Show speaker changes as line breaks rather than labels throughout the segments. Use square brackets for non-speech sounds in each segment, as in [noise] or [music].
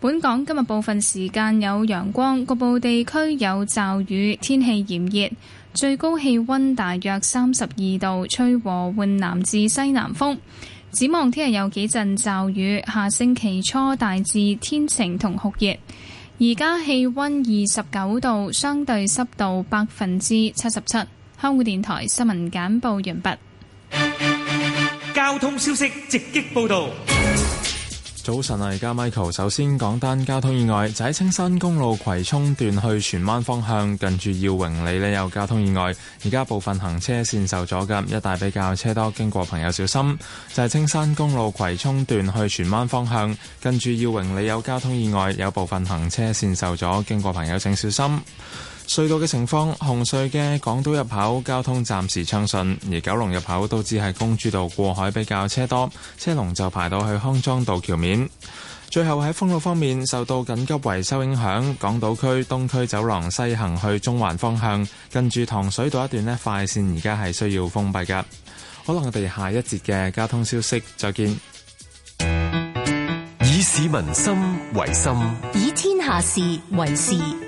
本港今日部分時間有陽光，局部地區有驟雨，天氣炎熱，最高氣溫大約三十二度，吹和緩南至西南風。展望聽日有幾陣驟雨，下星期初大致天晴同酷熱。而家氣溫二十九度，相對濕度百分之七十七。香港電台新聞簡報完畢。
交通消息直擊報道。早晨、啊，我而家 Michael，首先講單交通意外，就喺青山公路葵涌段去荃灣方向，近住耀榮里，呢有交通意外，而家部分行車綫受阻㗎，一帶比較車多，經過朋友小心。就喺青山公路葵涌段去荃灣方向，近住耀榮里有交通意外，有部分行車綫受阻，經過朋友請小心。隧道嘅情況，紅隧嘅港島入口交通暫時暢順，而九龍入口都只係公主道過海比較車多，車龍就排到去康莊道橋面。最後喺封路方面，受到緊急維修影響，港島區東區走廊西行去中環方向，跟住糖水道一段呢快線而家係需要封閉噶。可能我哋下一節嘅交通消息，再見。以市民心為心，
以天下事為事。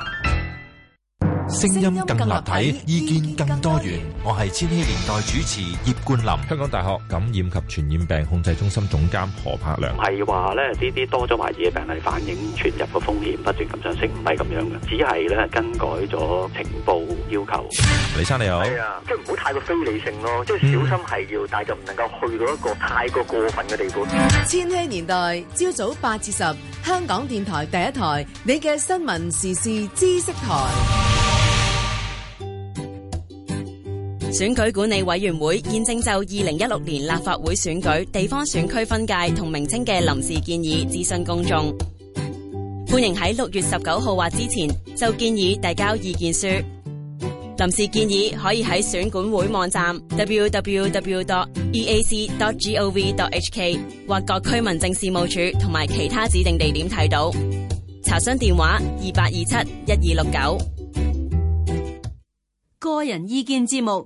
聲音更立體，意見更多元。我係千禧年代主持葉冠霖，香港大學感染及傳染病控制中心總監何柏良。唔
係話咧呢啲多咗懷疑嘅病例反映傳入嘅風險不斷咁上升，唔係咁樣嘅，只係咧更
改咗情報要求。李生你好。係啊，即係唔好太過非理性咯，即係小心係要，但係就唔能夠去到一個太過過分嘅地步。
千禧年代朝早八至十，香港電台第一台，你嘅新聞時事知識台。選舉管理委員會現正就二零一六年立法會選舉地方選區分界同名稱嘅臨時建議諮詢公眾，歡迎喺六月十九號或之前就建議遞交意見書。臨時建議可以喺選管會網站 www.eac.gov.hk 或各區民政事務處同埋其他指定地點睇到。查詢電話二八二七一二六九。個人意見節目。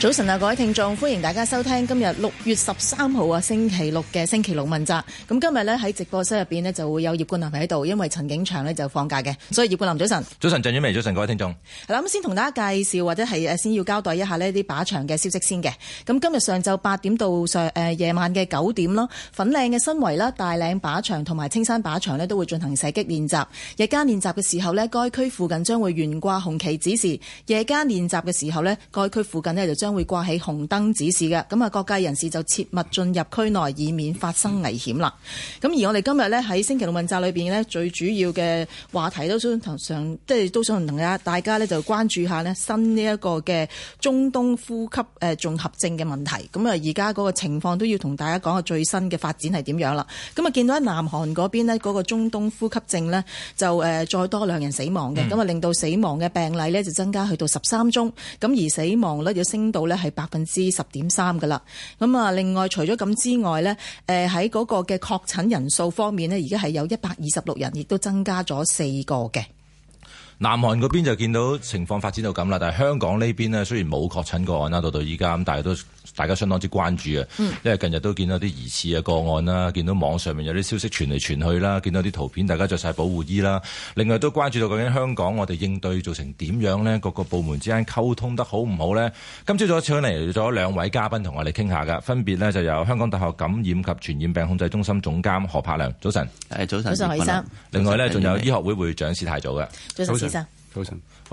早晨啊，各位聽眾，歡迎大家收聽今日六月十三號啊星期六嘅星期六問責。咁今日咧喺直播室入邊咧就會有葉冠霖喺度，因為陳景祥咧就放假嘅，所以葉冠霖早晨。
早晨鄭婉薇，早晨各位聽眾。
係啦，咁先同大家介紹或者係誒先要交代一下呢啲靶場嘅消息先嘅。咁今日上晝八點到上誒夜晚嘅九點啦，粉嶺嘅新圍啦、大嶺靶場同埋青山靶場咧都會進行射擊練習。日間練習嘅時候咧，該區附近將會懸掛紅旗指示；夜間練習嘅時候咧，該區附近咧就將。將會掛起紅燈指示嘅，咁啊各界人士就切勿進入區內，以免發生危險啦。咁、嗯、而我哋今日呢，喺星期六問責裏邊呢，最主要嘅話題都想同上，即係都想同大家呢，大家就關注下呢新呢一個嘅中東呼吸誒綜合症嘅問題。咁啊而家嗰個情況都要同大家講下最新嘅發展係點樣啦。咁啊見到喺南韓嗰邊呢，嗰、嗰個中東呼吸症呢，就誒再多兩人死亡嘅，咁啊、嗯、令到死亡嘅病例呢，就增加去到十三宗，咁而死亡率要升到咧係百分之十點三噶啦，咁啊，另外除咗咁之外咧，誒喺嗰個嘅確診人數方面咧，而家係有一百二十六人，亦都增加咗四個嘅。
南韓嗰邊就見到情況發展到咁啦，但係香港呢邊呢，雖然冇確診個案啦，到到依家，咁但係都大家相當之關注啊，因為近日都見到啲疑似嘅個案啦，見到網上面有啲消息傳嚟傳去啦，見到啲圖片，大家着晒保護衣啦。另外都關注到究竟香港我哋應對做成點樣呢？各個部門之間溝通得好唔好呢？今朝早請嚟咗兩位嘉賓同我哋傾下噶，分別呢，就由香港大學感染及傳染病控制中心總監何栢良，早晨，早晨，早晨。另外呢，仲有醫學會會長史泰祖嘅，早晨。好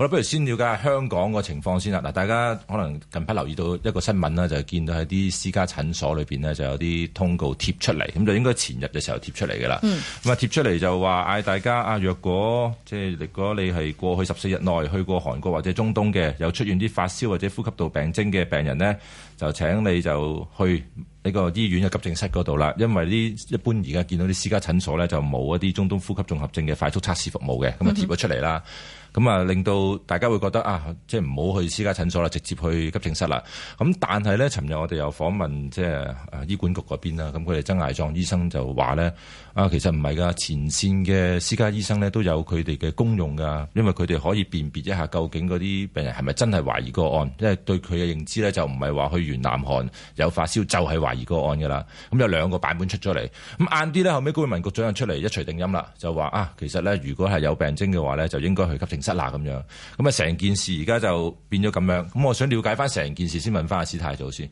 啦，不如先了解下香港個情況先啦。嗱，大家可能近排留意到一個新聞啦，就係見到喺啲私家診所裏邊呢，就有啲通告貼出嚟，咁就應該前日嘅時候貼出嚟噶啦。咁啊、嗯，貼出嚟就話嗌大家啊，若果即係如果你係過去十四日內去過韓國或者中東嘅，有出現啲發燒或者呼吸道病徵嘅病人呢，就請你就去呢個醫院嘅急症室嗰度啦，因為呢一般而家見到啲私家診所呢，就冇一啲中東呼吸綜合症嘅快速測試服務嘅，咁啊貼咗出嚟啦。 [noise] 咁啊，令到大家會覺得啊，即係唔好去私家診所啦，直接去急症室啦。咁但係咧，尋日我哋又訪問即係、啊、醫管局嗰邊啦，咁佢哋曾艾壯醫生就話咧啊，其實唔係㗎，前線嘅私家醫生咧都有佢哋嘅功用㗎，因為佢哋可以辨別一下究竟嗰啲病人係咪真係懷疑個案，因為對佢嘅認知咧就唔係話去完南韓有發燒就係懷疑個案㗎啦。咁有兩個版本出咗嚟，咁晏啲咧後尾高永文局長又出嚟一錘定音啦，就話啊，其實咧如果係有病徵嘅話咧，就應該去急症。咁樣，咁啊成件事而家就變咗咁樣。咁我想了解翻成件事先，問翻阿史泰祖先。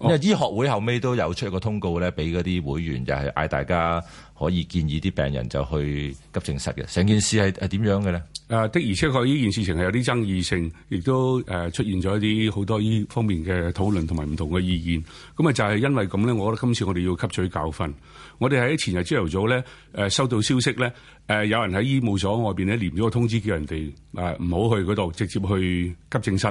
因為、哦、醫學會後尾都有出個通告咧，俾嗰啲會
員就係、是、嗌大家可以建議啲病人就去急症室嘅。成件事係係點樣嘅咧？誒、啊，的而且確呢件事情係有啲爭議性，亦都誒出現咗一啲好多呢方面嘅討論同埋唔同嘅意見。咁啊就係、是、因為咁咧，我覺得今次我哋要吸取教訓。我哋喺前日朝頭早咧，誒收到消息咧，誒有人喺醫務所外邊咧連咗個通知，叫人哋誒唔好去嗰度，直接去急症室。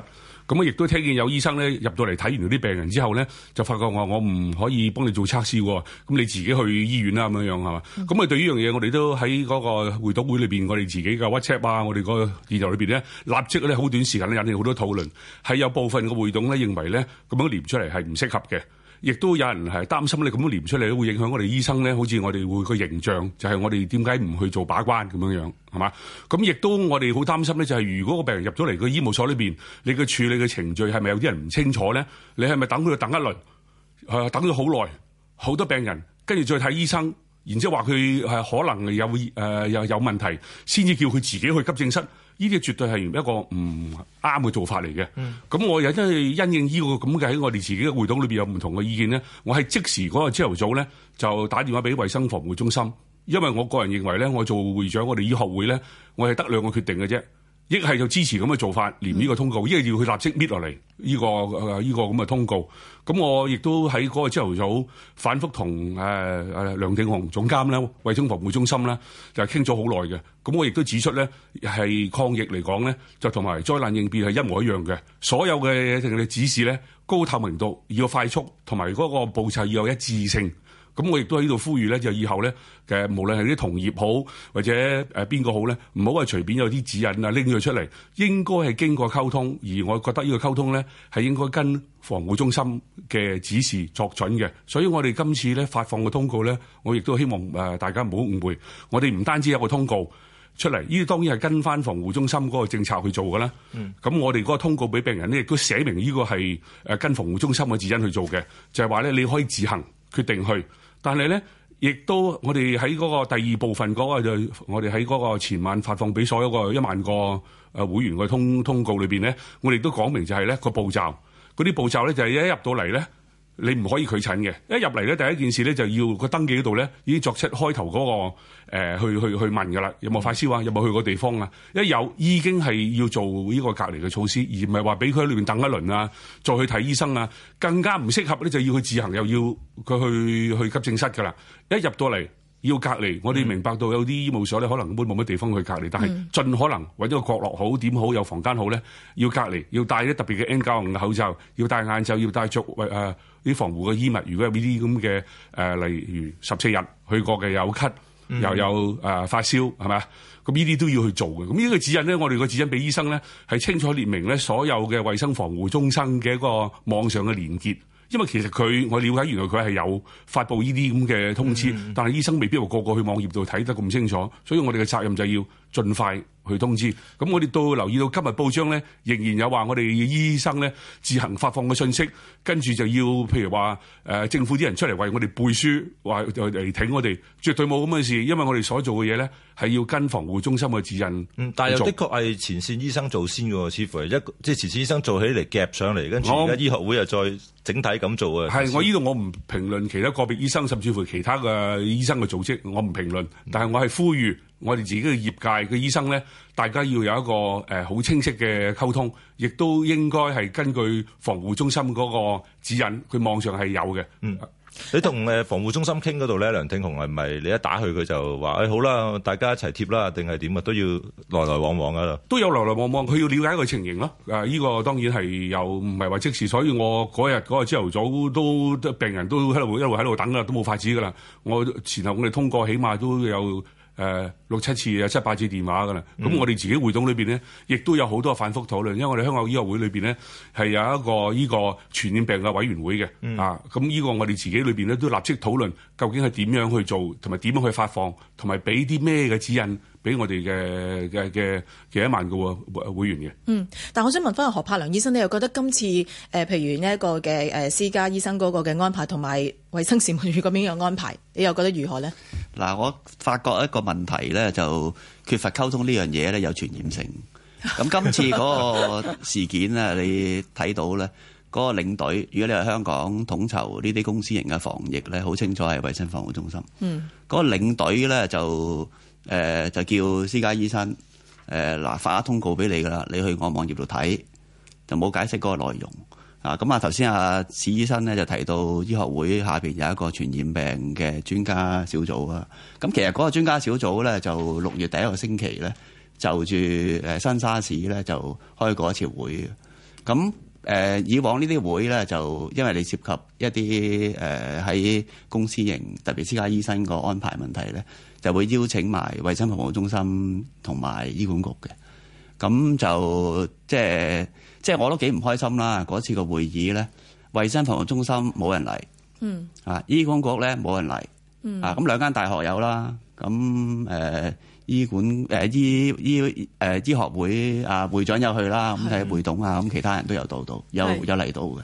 咁啊，亦都聽見有醫生咧入到嚟睇完啲病人之後咧，就發覺我我唔可以幫你做測試喎，咁你自己去醫院啦，咁樣係嘛？咁啊、嗯，對於呢樣嘢，我哋都喺嗰個會董會裏面，我哋自己嘅 WhatsApp 啊，我哋個羣組裏面咧，立即咧好短時間引起好多討論，係有部分嘅會董咧認為咧，咁樣念出嚟係唔適合嘅。亦都有人係擔心你咁樣連出嚟都會影響我哋醫生咧，好似我哋會個形象，就係，我哋點解唔去做把關咁樣樣，係嘛？咁亦都我哋好擔心咧，就係，如果個病人入咗嚟個醫務所裏面，你嘅處理嘅程序係咪有啲人唔清楚咧？你係咪等佢等一輪？係啊，等咗好耐，好多病人跟住再睇醫生。然之後話佢係可能有誒又、呃、有，有問題，先至叫佢自己去急症室，呢啲絕對係一個唔啱嘅做法嚟嘅。咁、嗯、我有真係因應呢個咁嘅喺我哋自己嘅會董裏邊有唔同嘅意見咧，我係即時嗰、那個朝頭早咧就打電話俾衞生防護中心，因為我個人認為咧，我做會長，我哋醫學會咧，我係得兩個決定嘅啫。一係就支持咁嘅做法，連呢個通告；一係要佢立即搣落嚟呢個呢、呃呢個咁嘅通告。咁我亦都喺嗰個朝頭早反覆同誒、呃、梁挺雄總監啦、衞生防護中心啦，就傾咗好耐嘅。咁我亦都指出咧，係抗疫嚟講咧，就同埋災難應變係一模一樣嘅。所有嘅定你指示咧，高透明度，要快速，同埋嗰個步驟要有一致性。咁我亦都喺度呼籲咧，就以後咧嘅無論係啲同業好，或者誒邊個好咧，唔好話隨便有啲指引啊拎佢出嚟，應該係經過溝通。而我覺得呢個溝通咧，係應該跟防護中心嘅指示作準嘅。所以我哋今次咧發放嘅通告咧，我亦都希望大家唔好誤會，我哋唔單止有個通告出嚟，呢啲當然係跟翻防護中心嗰個政策去做㗎啦。咁、嗯、我哋嗰個通告俾病人咧亦都寫明呢個係跟防護中心嘅指引去做嘅，就係話咧你可以自行決定去。但係咧，亦都我哋喺嗰個第二部分嗰個，就，我哋喺嗰個前晚發放畀所有個一萬個誒會員嘅通通告裏面咧，我哋都講明就係咧個步驟，嗰啲步驟咧就係一入到嚟咧。你唔可以拒診嘅，一入嚟咧，第一件事咧就要個登記嗰度咧已經作出開頭嗰個、呃、去去去問㗎啦，有冇發燒啊？有冇去過個地方啊？一有已經係要做呢個隔離嘅措施，而唔係話俾佢喺裏面等一輪啊，再去睇醫生啊，更加唔適合咧就要佢自行又要佢去去急症室㗎啦，一入到嚟。要隔離，我哋明白到有啲醫務所咧，可能會冇乜地方去隔離，但係盡可能搵咗個角落好點好，有房間好咧，要隔離，要戴啲特別嘅 N95 口罩，要戴眼罩，要戴足喂啲防護嘅衣物。如果有呢啲咁嘅誒，例如十四日去過嘅有咳，又有誒、呃、發燒，係咪啊？咁呢啲都要去做嘅。咁呢個指引咧，我哋個指引俾醫生咧係清楚列明咧所有嘅衛生防護中心嘅一個網上嘅連結。因為其實佢我了解原來佢係有發布呢啲咁嘅通知，嗯嗯，但係醫生未必話個個去網頁度睇得咁清楚，所以我哋嘅責任就係要。盡快去通知。咁我哋都留意到今日報章咧，仍然有話我哋醫生咧自行發放嘅信息，跟住就要譬如話、呃、政府啲人出嚟為我哋背書，話嚟挺我哋，絕對冇咁嘅事。因為我哋所做嘅嘢咧係要跟防護中心嘅指引。嗯，但係又的確係前線醫生做先嘅，似乎係一個即係前線醫生做起嚟夾上嚟，跟住而家醫學會又再整體咁做嘅。係我依度我唔評論其他個別醫生，甚至乎其他嘅醫生嘅組織，我唔評論。但係我係呼籲。我哋自己嘅業界嘅醫生咧，大家要有一個誒好、呃、清晰嘅溝通，亦都應該係根據防護中心嗰個指引，佢網上係有嘅。嗯，你同誒防護中心傾嗰度
咧，梁挺雄係咪你一打去佢就話誒、哎、好啦，大家一齊貼啦，定係點啊？都要來來往往噶啦！
都有來來往往，佢要了解一個情形咯。誒、呃、依、這個當然係又唔係話即時，所以我嗰日嗰個朝頭早都病人都一路一路喺度等啦，都冇法子噶啦。我前後我哋通過，起碼都有誒。呃六七次有七八次電話㗎喇，咁、嗯、我哋自己會董裏邊呢，亦都有好多反覆討論，因為我哋香港醫學會裏邊呢，係有一個呢個傳染病嘅委員會嘅，嗯、啊，咁呢個我哋自己裏邊呢，都立即討論究竟係點樣去做，同埋點樣去發放，同埋俾啲咩嘅指引俾我哋嘅嘅嘅幾萬個會會員嘅。嗯，
但我想問返何柏良醫生呢，你又覺得今次誒譬如呢一個嘅誒私家醫生嗰個嘅安排，同埋衞生事務處嗰邊嘅安排，你又覺得如何呢？
嗱，我發覺一個問題咧就缺乏溝通呢樣嘢咧，有傳染性。咁今次嗰個事件咧，你睇到咧，嗰個領隊，如果你係香港統籌呢啲公司型嘅防疫咧，好清楚係衛生防護中心。嗯，嗰個領隊咧就誒、呃、就叫私家醫生誒嗱、呃、發通告俾你噶啦，你去我網頁度睇，就冇解釋嗰個內容。咁啊，頭先啊，史醫生咧就提到醫學會下面有一個傳染病嘅專家小組啊。咁、啊、其實嗰個專家小組咧，就六月第一個星期咧，就住新沙士咧就開過一次會咁、啊、以往呢啲會咧，就因為你涉及一啲喺、啊、公司營特別私家醫生個安排問題咧，就會邀請埋衛生服務中心同埋醫管局嘅。咁、啊、就即係。即係我都幾唔開心啦！嗰次個會議咧，衛生防護中心冇人嚟，啊，醫管局咧冇人嚟，啊，咁兩間大學有啦，咁誒醫管誒醫醫誒醫學會啊會長有去啦，咁、啊、睇會董啊，咁其他人都有到到，有有嚟到嘅，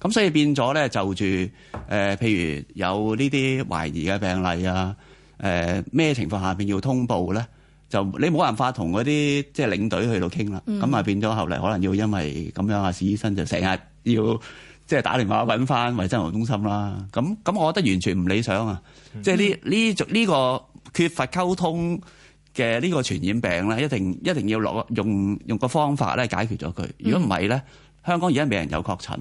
咁是所以變咗咧就住誒、啊，譬如有呢啲懷疑嘅病例啊，誒、啊、咩情況下邊要通報咧？就你冇辦法同嗰啲即係領隊去到傾啦，咁啊變咗後嚟可能要因為咁樣啊，史醫生就成日要即係打電話揾翻衞生防護中心啦。咁咁我覺得完全唔理想啊！即係呢呢呢個缺乏溝通嘅呢個傳染病咧，一定一定要落用用個方法咧解決咗佢。如果唔係咧，香港而家冇人有確診，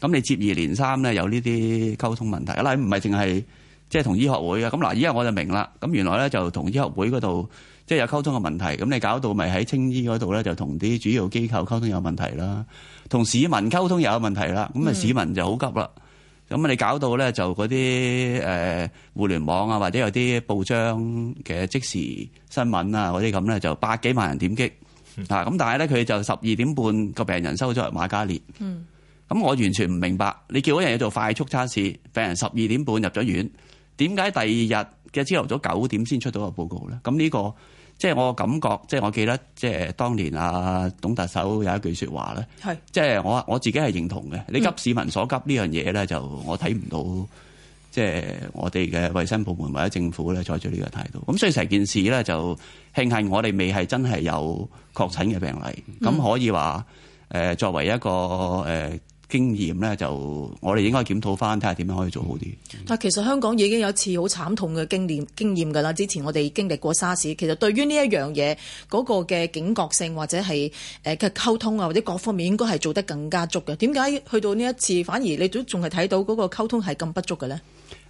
咁你接二連三咧有呢啲溝通問題，嗱唔係淨係。即係同醫學會啊，咁嗱，依家我就明啦。咁原來咧就同醫學會嗰度即係有溝通嘅問題。咁你搞到咪喺青醫嗰度咧，就同啲主要機構溝通有問題啦，同市民溝通又有問題啦。咁啊，市民就好急啦。咁、嗯、你搞到咧就嗰啲誒互聯網啊，或者有啲報章嘅即時新聞啊嗰啲咁咧，就百幾萬人點擊、嗯、啊。咁但係咧，佢就十二點半個病人收咗入瑪嘉烈。嗯。咁我完全唔明白，你叫嗰樣嘢做快速測試，病人十二點半入咗院。點解第二日嘅朝頭早九點先出到個報告咧？咁呢個即係我感覺，即係我記得，即係當年啊，董特首有一句説話咧，即係，係，我我自己係認同嘅。你急市民所急呢樣嘢咧，就我睇唔到，即係我哋嘅衞生部門或者政府咧採取呢個態度。咁所以成件事咧，就慶幸我哋未係真係有確診嘅病例，咁可以話誒作為一個誒。呃經驗咧就，我哋應該檢討翻，睇下點樣可以做好啲。
但、嗯、其實香港已經有一次好慘痛嘅經驗經驗㗎啦。之前我哋經歷過沙士，其實對於呢一樣嘢嗰個嘅警覺性或者係嘅、呃、溝通啊，或者各方面應該係做得更加足嘅。點解去到呢一次反而你都仲係睇到嗰個溝通係咁不足嘅咧？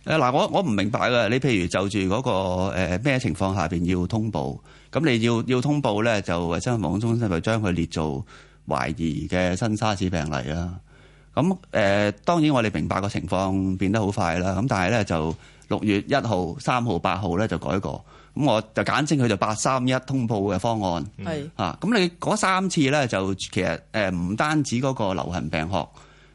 嗱、呃，我我唔明白㗎。你譬如就住嗰、嗰個咩、呃、情況下邊要通報，咁你要要通報咧，就衞生防護中心就將佢列做懷疑嘅新沙士病例啦。咁誒當然我哋明白個情況變得好快啦，咁但係咧就六月一號、三號、八號咧就改過，咁我就簡稱佢就八三一通報嘅方案，係啊，咁你嗰三次咧就其實誒唔單止嗰個流行病學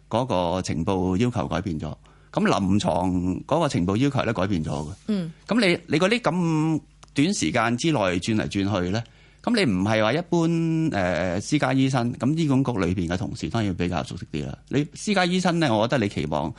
嗰個情報要求改變咗，咁臨床嗰個情報要求咧改變咗嘅，嗯，咁你你嗰啲咁短時間之內轉嚟轉去咧？咁你唔係話一般誒、呃、私家醫生，咁醫管局裏邊嘅同事當然比較熟悉啲啦。你私家醫生咧，我覺得你期望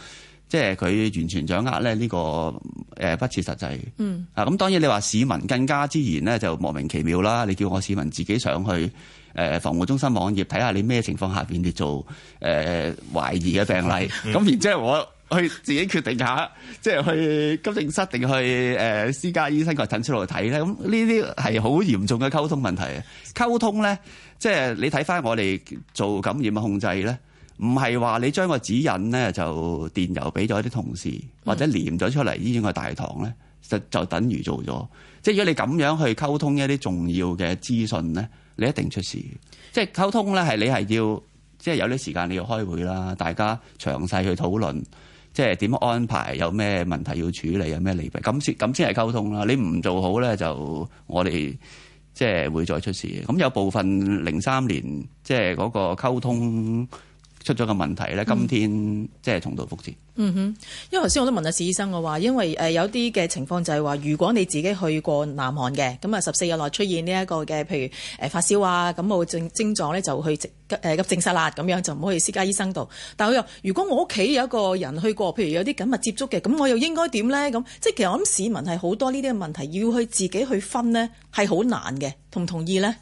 即係佢完全掌握咧、這、呢個誒、呃、不切實際。嗯啊，咁當然你話市民更加之然咧，就莫名其妙啦。你叫我市民自己上去誒、呃、防護中心網頁睇下你咩情況下邊叫做誒、呃、懷疑嘅病例，咁然之後。去自己決定下，即係去急症室定去誒、呃、私家醫生個診所度睇咧。咁呢啲係好嚴重嘅溝通問題。溝通咧，即係你睇翻我哋做感染嘅控制咧，唔係話你將個指引咧就電郵俾咗啲同事，或者黏咗出嚟醫院個大堂咧，就就等於做咗。即係如果你咁樣去溝通一啲重要嘅資訊咧，你一定出事。即係溝通咧，係你係要即係有啲時間你要開會啦，大家詳細去討論。即係點安排？有咩問題要處理？有咩利弊。咁先咁先係溝通啦。你唔做好咧，就我哋即係會再出事。咁有部分零三年即係嗰個溝通。出咗個問題咧，今天即係重蹈覆轍。
嗯哼，因為頭先我都問阿史醫生，我話因為誒有啲嘅情況就係話，如果你自己去過南韓嘅，咁啊十四日內出現呢一個嘅譬如誒發燒啊、感冒症狀、呃、症狀咧，就去急誒急症室啦，咁樣就唔好去私家醫生度。但佢又如果我屋企有一個人去過，譬如有啲緊密接觸嘅，咁我又應該點咧？咁即其實我諗市民係好多呢啲問題，要去自己去分同同呢，係好難嘅，同唔同意咧？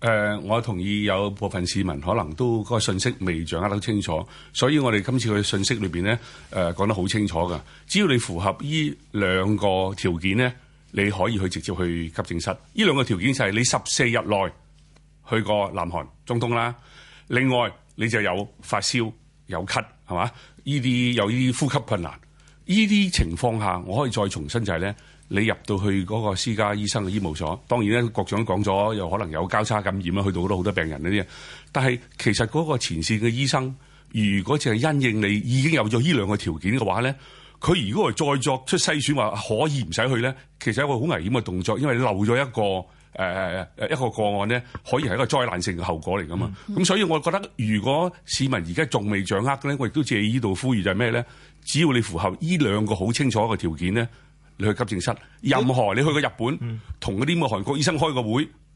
誒、呃，我同意有部分市民可能都嗰個信息未掌握得清楚，所以我哋今次嘅信息裏面咧，誒、呃、講得好清楚㗎。只要你符合依兩個條件咧，你可以去直接去急症室。依兩個條件就係你十四日內去過南韓、中東啦。另外你就有發燒、有咳係嘛？呢啲有呢啲呼吸困難，呢啲情況下，我可以再重申就係咧。你入到去嗰個私家醫生嘅醫務所，當然咧，局長都講咗，又可能有交叉感染啦。去到好多好多病人嗰啲，但係其實嗰個前線嘅醫生，如果凈係因應你已經有咗呢兩個條件嘅話咧，佢如果再作出篩選話可以唔使去咧，其實係一個好危險嘅動作，因為你漏咗一個誒、呃、一個個案咧，可以係一個災難性嘅後果嚟噶嘛。咁、嗯嗯、所以我覺得，如果市民而家仲未掌握咧，我亦都借依度呼籲就係咩咧？只要你符合呢兩個好清楚一個條件咧。你去急症室，任何你去過日本，同嗰啲咁嘅韓國醫生開個會，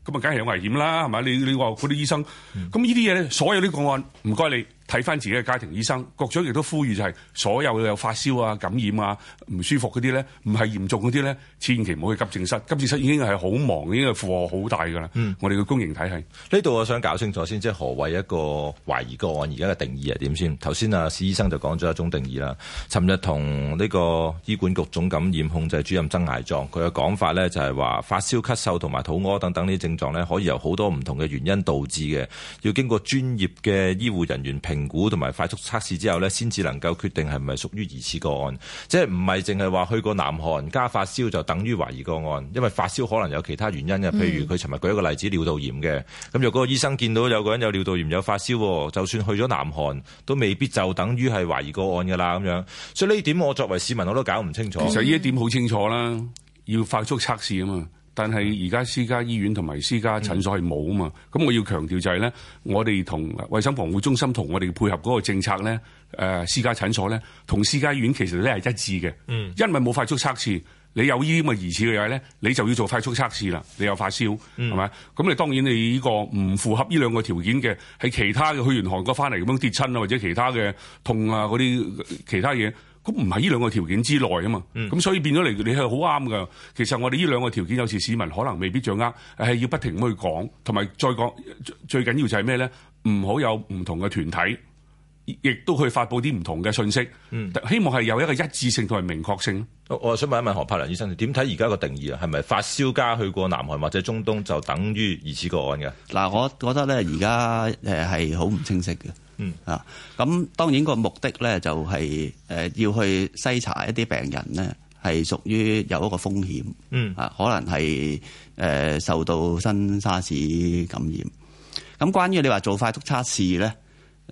咁啊梗係有危險啦，係咪？你你話嗰啲醫生，咁呢啲嘢咧，所有啲個案唔該你。睇翻自己嘅家庭醫生，局長亦都呼籲就係所有有發燒啊、感染啊、唔舒服嗰啲咧，唔係嚴重嗰啲咧，千祈唔好去急症室。急症室已經係好忙，已經係負荷好大㗎啦。嗯、我哋嘅公營體
系呢度，這裡我想搞清楚先，即係何謂一個懷疑個案而家嘅定義係點先？頭先啊，史醫生就講咗一種定義啦。尋日同呢個醫管局總感染控制主任曾艾壯，佢嘅講法咧就係話發燒、咳嗽同埋肚屙等等呢啲症狀咧，可以由好多唔同嘅原因導致嘅，要經過專業嘅醫護人員評。評估同埋快速測試之後咧，先至能夠決定係咪屬於疑似個案，即係唔係淨係話去過南韓加發燒就等於懷疑個案，因為發燒可能有其他原因嘅，譬如佢尋日舉一個例子尿道炎嘅，咁若果個醫生見到有個人有尿道炎有發燒，就算去咗南韓都未必就等
於係懷疑個案噶啦，咁樣，所以呢點我作為市民我都搞唔清楚。其實呢一點好清楚啦，要快速測試啊嘛。但係而家私家醫院同埋私家診所係冇啊嘛，咁、嗯、我要強調就係、是、咧，我哋同衛生防護中心同我哋配合嗰個政策咧，誒、呃、私家診所咧，同私家醫院其實咧係一致嘅，嗯、因為冇快速測試，你有呢啲咁嘅疑似嘅嘢咧，你就要做快速測試啦，你有發燒係咪？咁你、嗯、當然你呢個唔符合呢兩個條件嘅，喺其他嘅去完韓國翻嚟咁樣跌親啊，或者其他嘅痛啊嗰啲其他嘢。咁唔係呢兩個條件之內啊嘛，咁、嗯、所以變咗嚟，你係好啱噶。其實我哋呢兩個條件有時市民可能未必掌握，係要不停咁去講，同埋再講最緊要就係咩咧？唔好有唔同嘅團體，亦都去發布啲唔同嘅信息。希望係有一個一致性同埋明確性、嗯。我想問一問何栢良醫生，
點睇而家個定義啊？係咪發燒加去過南韓或者中東就等於疑似個案嘅？
嗱，我覺得咧而家誒係好唔清晰嘅。嗯啊，咁當然個目的咧就係誒要去篩查一啲病人咧，係屬於有一個風險，嗯啊，可能係誒、呃、受到新沙士感染。咁、啊、關於你話做快速測試咧，誒、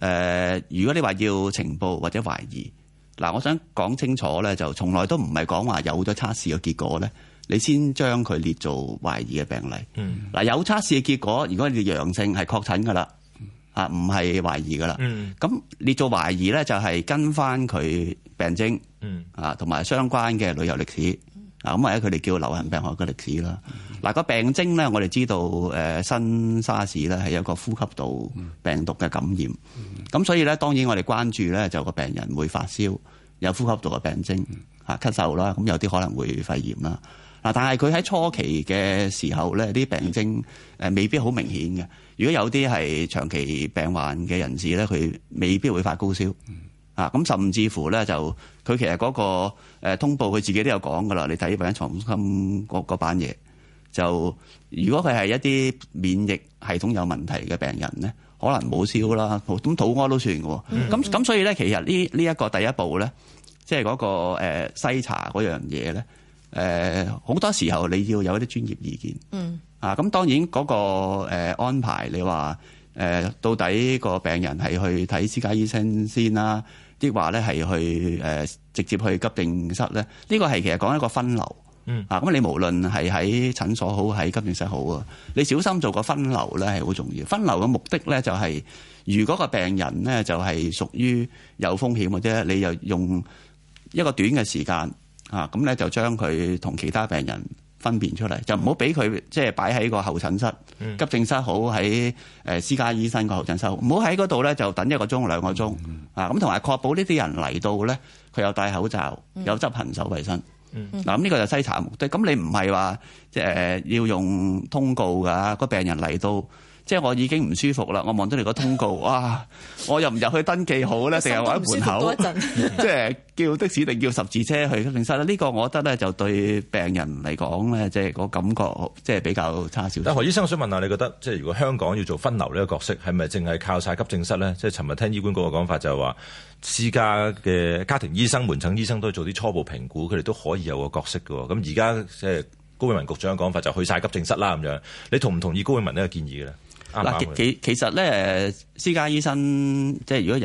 呃，如果你話要情報或者懷疑，嗱、啊，我想講清楚咧，就從來都唔係講話有咗測試嘅結果咧，你先將佢列做懷疑嘅病例。嗯，嗱、啊，有測試嘅結果，如果你陽性係確診㗎喇。啊，唔係懷疑噶啦，咁你做懷疑咧就係、是、跟翻佢病徵，嗯、啊，同埋相關嘅旅遊歷史，啊，咁或者佢哋叫流行病學嘅歷史啦。嗱、嗯，啊，那個病徵咧，我哋知道誒、呃，新沙士咧係有個呼吸道病毒嘅感染，咁、嗯啊、所以咧，當然我哋關注咧就個病人會發燒，有呼吸道嘅病徵，吓咳嗽啦，咁、啊、有啲可能會肺炎啦。嗱、啊，但係佢喺初期嘅時候咧，啲病徵誒、啊、未必好明顯嘅。如果有啲係長期病患嘅人士咧，佢未必會發高燒啊！咁、嗯、甚至乎咧，就佢其實嗰個通報，佢自己都有講噶啦。你睇《第一場心》嗰版嘢，就如果佢係一啲免疫系統有問題嘅病人咧，可能冇燒啦。咁肚屙都算嘅。咁咁、嗯嗯、所以咧，其實呢呢一個第一步咧，即係嗰個誒篩查嗰樣嘢咧，誒好多時候你要有一啲專業意見。嗯啊，咁當然嗰個誒安排，你話誒到底個病人係去睇私家醫生先啦，亦話咧係去誒直接去急症室咧，呢個係其實講一個分流。嗯，啊，咁你無論係喺診所好，喺急症室好啊，你小心做個分流咧係好重要。分流嘅目的咧就係，如果個病人咧就係屬於有風險嘅啫，你又用一個短嘅時間啊，咁咧就將佢同其他病人。分辨出嚟就唔好俾佢即係擺喺個候診室、急症室好喺誒私家醫生個候診室好，唔好喺嗰度咧就等一個鐘兩個鐘啊！咁同埋確保呢啲人嚟到咧，佢有戴口罩、有執行手衛生嗱，咁呢個就篩查目的。咁你唔係話即係要用通告㗎，個病人嚟到。即係我已經唔舒服啦。我望到你個通告，哇！我又唔入去登記好咧，定係我喺門口？ [laughs] 即係叫的士定叫十字車去急症室啦，呢個我覺得咧，就對病人嚟講咧，即係個感覺即係比較差少少。但，何醫
生，想問下，你覺得即係如果香港要做分流呢個角色，係咪淨係靠晒急症室咧？即係尋日聽醫管局嘅講法就係話私家嘅家庭醫生、門診醫生都做啲初步評估，佢哋都可以有個角色嘅。咁而家即係高永文局長嘅講法就去晒急症室啦。咁樣你同唔同意高永文呢個建議咧？
嗱，其其實咧，誒私家醫生即係如果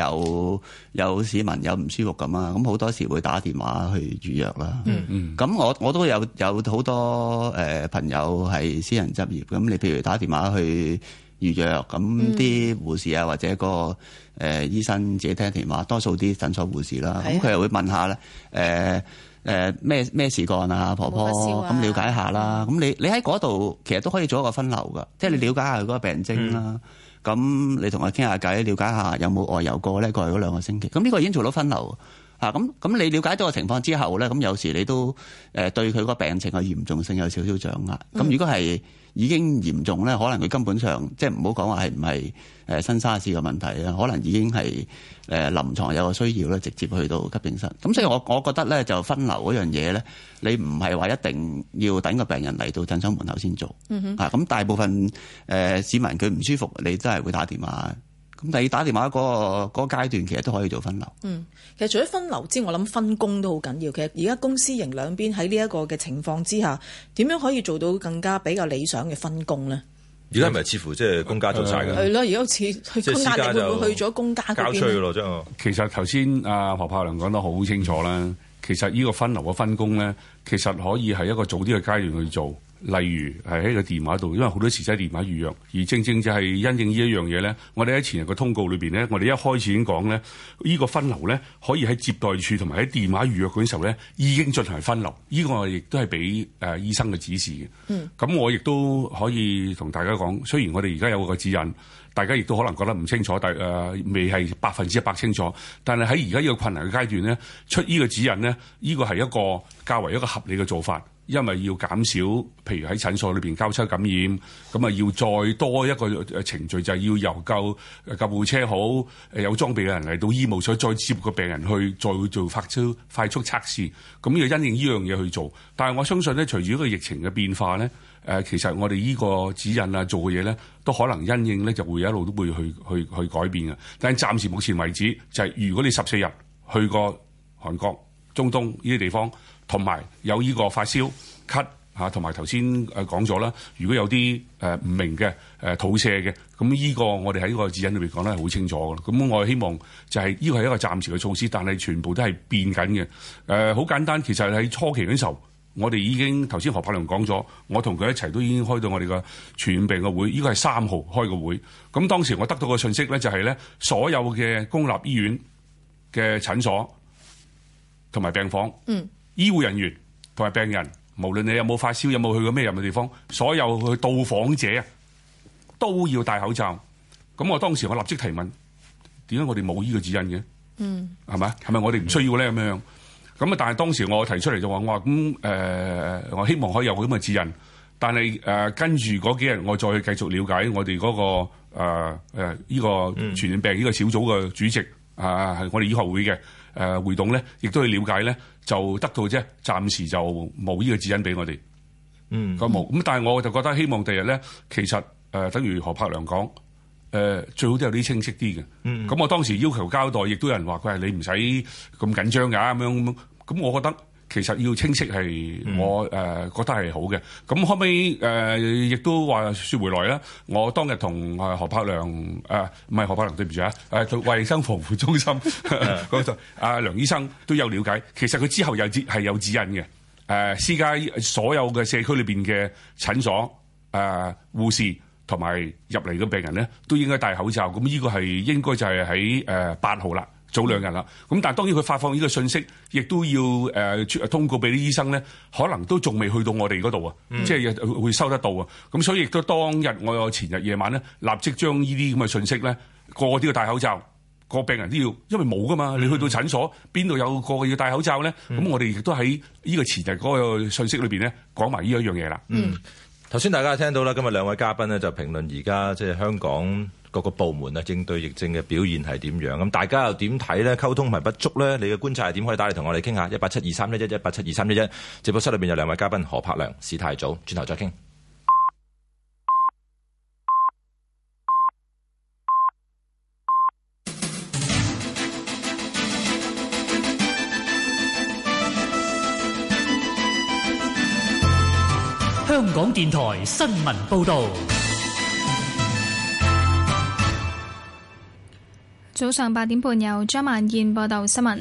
有有市民有唔舒服咁啊，咁好多時會打電話去預約啦，嗯。嗯嗯。咁我我都有有好多誒朋友係私人執業，咁你譬如打電話去預約，咁啲護士啊或者、嗰個誒、呃、醫生自己聽電話，多數啲診所護士啦，咁佢又會問下咧，誒、嗯。呃誒咩咩事幹啊，婆婆，咁、啊、了解下啦。咁你你喺嗰度其實都可以做一個分流噶，即、就、係、是、你了解下佢嗰個病徵啦。咁、嗯、你同佢傾下偈，了解下有冇外遊過咧？過去嗰兩個星期，咁呢個已經做到分流。咁咁你了解到個情況之後咧，咁有時你都誒對佢個病情嘅嚴重性有少少掌握。咁如果係，已經嚴重咧，可能佢根本上即係唔好講話係唔係新沙士嘅問題，可能已經係誒臨床有個需要咧，直接去到急病室。咁所以我我覺得咧，就分流嗰樣嘢咧，你唔係話一定要等個病人嚟到診所門口先做，咁、mm hmm. 嗯、大部分市民佢唔舒服，你都係會打電話。第二打電話嗰個嗰個階段，其實都可以做分流。嗯，
其實除咗分流之外，我諗分工都好緊要。其實而家公私營兩邊喺呢一個嘅情況之下，點樣可以做到更加比較理想嘅分工咧？
而家係咪似乎即係公
家做晒嘅。
係咯、嗯，而家似去壓力會,會去咗公家嗰邊。出咯、
啊，其實頭先阿何栢良講得好清楚啦。其實呢個分流嘅分工咧，其實可以係一個早啲嘅階段去做。例如係喺個電話度，因為好多時係電話預約，而正正就係因應呢一樣嘢咧。我哋喺前日個通告裏邊咧，我哋一開始已經講咧，呢個分流咧可以喺接待處同埋喺電話預約嗰時候咧已經進行分流。呢個亦都係俾誒醫生嘅指示嘅。嗯，咁我亦都可以同大家講，雖然我哋而家有個指引，大家亦都可能覺得唔清楚，但誒、呃、未係百分之一百清楚。但係喺而家呢個困難嘅階段咧，出呢個指引咧，呢個係一個較為一個合理嘅做法。因為要減少，譬如喺診所裏面交叉感染，咁啊要再多一個程序，就係、要由救救護車好有裝備嘅人嚟到醫務所再接個病人去，再去做發燒快速測試。咁要因應呢樣嘢去做。但係我相信咧，隨住呢個疫情嘅變化咧、呃，其實我哋呢個指引啊，做嘅嘢咧，都可能因應咧就會一路都會去去去改變嘅。但係暫時目前為止，就係、係、如果你十四日去過韓國、中東呢啲地方。同埋有呢個發燒、咳嚇，同埋頭先誒講咗啦。如果有啲誒唔明嘅誒肚瀉嘅，咁呢個我哋喺呢個指引裏面講得係好清楚嘅。咁我希望就係呢個係一個暫時嘅措施，但係全部都係變緊嘅。誒、呃、好簡單，其實喺初期嗰陣時候，我哋已經頭先何栢良講咗，我同佢一齊都已經開到我哋嘅傳染病嘅會。呢、呢個係三號開個會，咁當時我得到嘅信息咧就係、係、咧，所有嘅公立醫院嘅診所同埋病房。嗯。醫護人員同埋病人，無論你有冇發燒，有冇去過咩人嘅地方，所有去到訪者啊，都要戴口罩。咁我當時我立即提問：點解我哋冇呢個指引嘅？嗯，係咪？係咪我哋唔需要咧咁樣？咁啊！但係當時我提出嚟就話：我話咁誒，我希望可以有咁嘅指引。但係誒，跟住嗰幾日我再去繼續了解我哋嗰個誒誒呢個傳染病呢個小組嘅主席啊，係、呃、我哋醫學會嘅。誒回動咧，亦都去了解咧，就得到啫，暫時就冇呢個指引俾我哋。嗯,嗯，
咁冇。
咁但係我就覺得希望第日咧，其實誒、呃，等於何柏良講，誒、呃、最好都有啲清晰啲嘅。嗯,嗯。咁我當時要求交代，亦都有人話佢係你唔使咁緊張㗎，咁樣咁。咁我覺得。其實要清晰係我誒覺得係好嘅，咁、嗯、後尾誒、呃、亦都話說回來啦。我當日同啊何柏良誒唔係何柏良對唔住啊對衛生防護中心嗰度阿梁醫生都有了解。其實佢之後有指係有指引嘅誒、呃，私家所有嘅社區裏面嘅診所誒、呃、護士同埋入嚟嘅病人咧，都應該戴口罩。咁呢個係應該就係喺八號啦。呃早兩日啦，咁但係當然佢發放呢個信息，亦都要誒、呃、通告俾啲醫生咧，可能都仲未去到我哋嗰度啊，嗯、即係會收得到啊，咁所以亦都當日我前日夜晚咧，立即將呢啲咁嘅信息咧，個個都要戴口罩，個個病人都要，因為冇㗎嘛，嗯、你去到診所邊度有個個要戴口罩咧，咁、嗯、我哋亦都喺呢個前日嗰個信息裏邊咧，講埋呢一樣嘢啦。嗯，頭先大家聽到啦，今日兩位嘉賓咧就評論而家即係香
港。各個部門啊，應對疫症嘅表現係點樣？咁大家又點睇呢？溝通係不足呢？你嘅觀察係點？可以打嚟同我哋傾下一八七二三一一一八七二三一一。直播室裏邊有兩位嘉賓何栢良、史泰祖，轉頭再傾。
香港電台新聞報導。
早上八點半，由張萬燕報道新聞。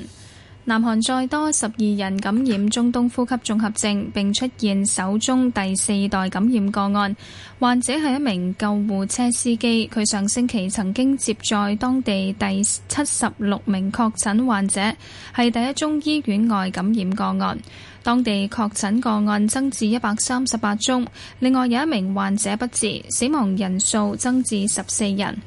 南韓再多十二人感染中東呼吸綜合症，並出現首宗第四代感染個案。患者係一名救護車司機，佢上星期曾經接載當地第七十六名確診患者，係第一宗醫院外感染個案。當地確診個案增至一百三十八宗，另外有一名患者不治，死亡人數增至十四人。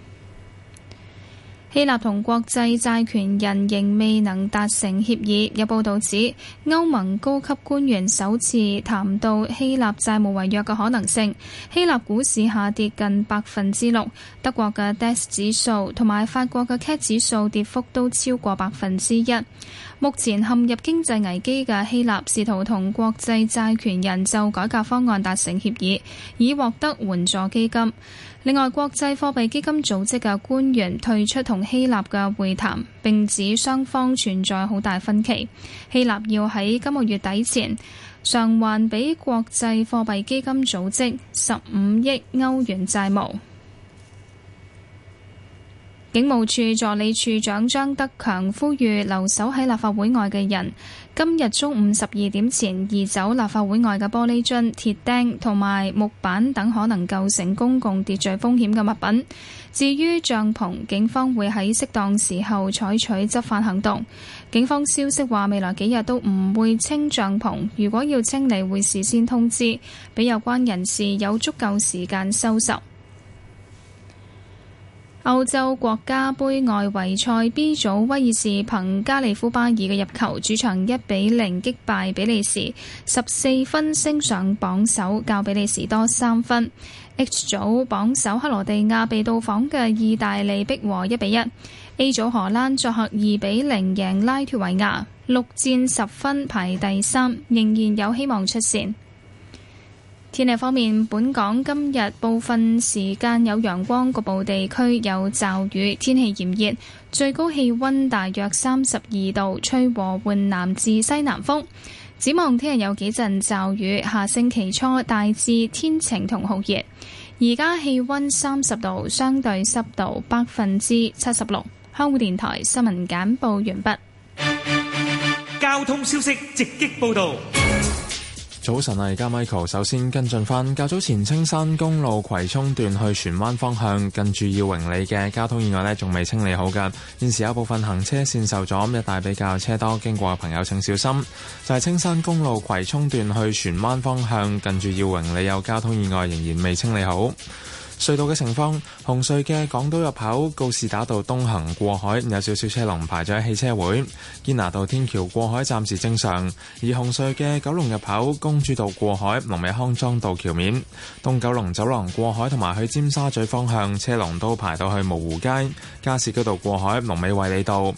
希臘同國際債權人仍未能達成協議。有報道指，歐盟高級官員首次談到希臘債務違約嘅可能性。希臘股市下跌近百分之六，德國嘅 DAX 指數同埋法國嘅 CAC 指數跌幅都超過百分之一。目前陷入經濟危機嘅希臘試圖同國際債權人就改革方案達成協議，以獲得援助基金。另外，國際貨幣基金組織嘅官員退出同希臘嘅會談，並指雙方存在好大分歧。希臘要喺今個月底前償還俾國際貨幣基金組織十五億歐元債務。警務處助理處長張德強呼籲留守喺立法會外嘅人，今日中午十二點前移走立法會外嘅玻璃樽、鐵釘同埋木板等可能構成公共秩序風險嘅物品。至於帳篷，警方會喺適當時候採取執法行動。警方消息話，未來幾日都唔會清帳篷，如果要清理，會事先通知，俾有關人士有足夠時間收拾。歐洲國家杯外圍賽 B 組，威爾士憑加利夫巴爾嘅入球，主場一比零擊敗比利時，十四分升上榜首，較比利時多三分。H 組榜首克羅地亞被到訪嘅意大利逼和一比一。A 組荷蘭作客二比零贏拉脱維亞，六戰十分排第三，仍然有希望出線。天氣方面，本港今日部分時間有陽光，局部地區有驟雨，天氣炎熱，最高氣温大約三十二度，吹和緩南至西南風。展望聽日有幾陣驟雨，下星期初大致天晴同酷熱。而家氣温三十度，相對濕度百分之七十六。香港電台新聞簡報完畢。
交通消息直擊報道。早晨啊，我哋家 Michael，首先跟進返較早前青山公路葵涌段去荃灣方向近住耀榮里嘅交通意外呢，仲未清理好㗎。現時有部分行車線受阻，咁一大比較車多，經過嘅朋友請小心。就係、是、青山公路葵涌段去荃灣方向近住耀榮里有交通意外，仍然未清理好。隧道嘅情況，紅隧嘅港島入口告士打道東行過海有少少車龍排咗喺汽車會堅拿道天橋過海，暫時正常。而紅隧嘅九龍入口公主道過海龍尾康莊道橋面，東九龍走廊過海同埋去尖沙咀方向車龍都排到去蕪湖街，加士居道過海龍尾衛理道。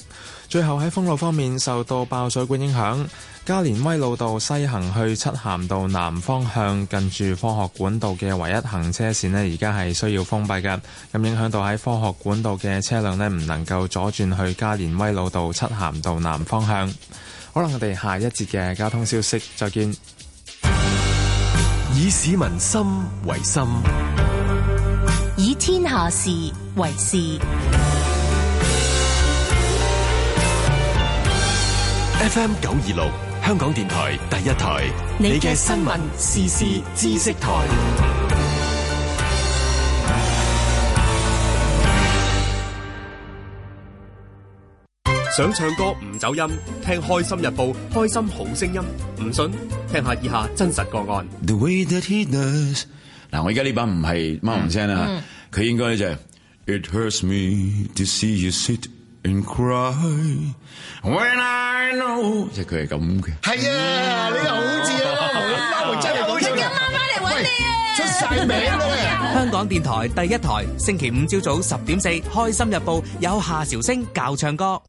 最後喺封路方面，受到爆水管影響。加連威老道西行去漆咸道南方向，近住科學館道嘅唯一行車線呢，而家係需要封閉嘅，咁影響到喺科學館道嘅車輛呢，唔能夠左轉去加連威老道漆咸道南方向。好啦，我哋下一節嘅交通消息，再見。以市民心為心，
以天下事為事。
FM 九二六。香港電台第一台，你嘅新聞、時事、知識台。想唱歌唔走音，聽開心日報《開心好聲音》。唔信，聽下以下真實個案。The way that he does。嗱，我而家呢把唔係貓王聲啊，佢應該就。It hurts me to see you sit。In cry when I know，即係佢係咁嘅。係啊、嗯，呢個好字啊，真係好正，出晒名啦。香港電台第一台星期五朝早十點四，開心日報有夏兆星教唱歌。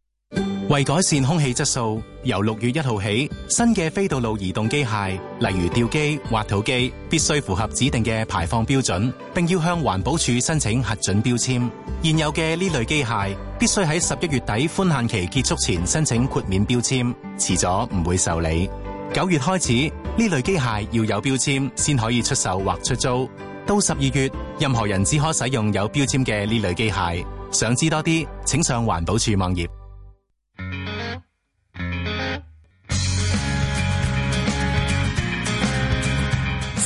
為改善空氣質素，由六月一號起，新嘅非道路移動機械，例如吊機、挖土機，必須符合指定嘅排放標準，並要向環保署申請核准標籤。現有嘅呢類機械必須喺十一月底寬限期結束前申請豁
免標籤，遲咗唔會受理。九月開始，呢類機械要有標籤先可以出售或出租。到十二月，任何人只可使用有標籤嘅呢類機械。想知多啲，請上環保署網頁。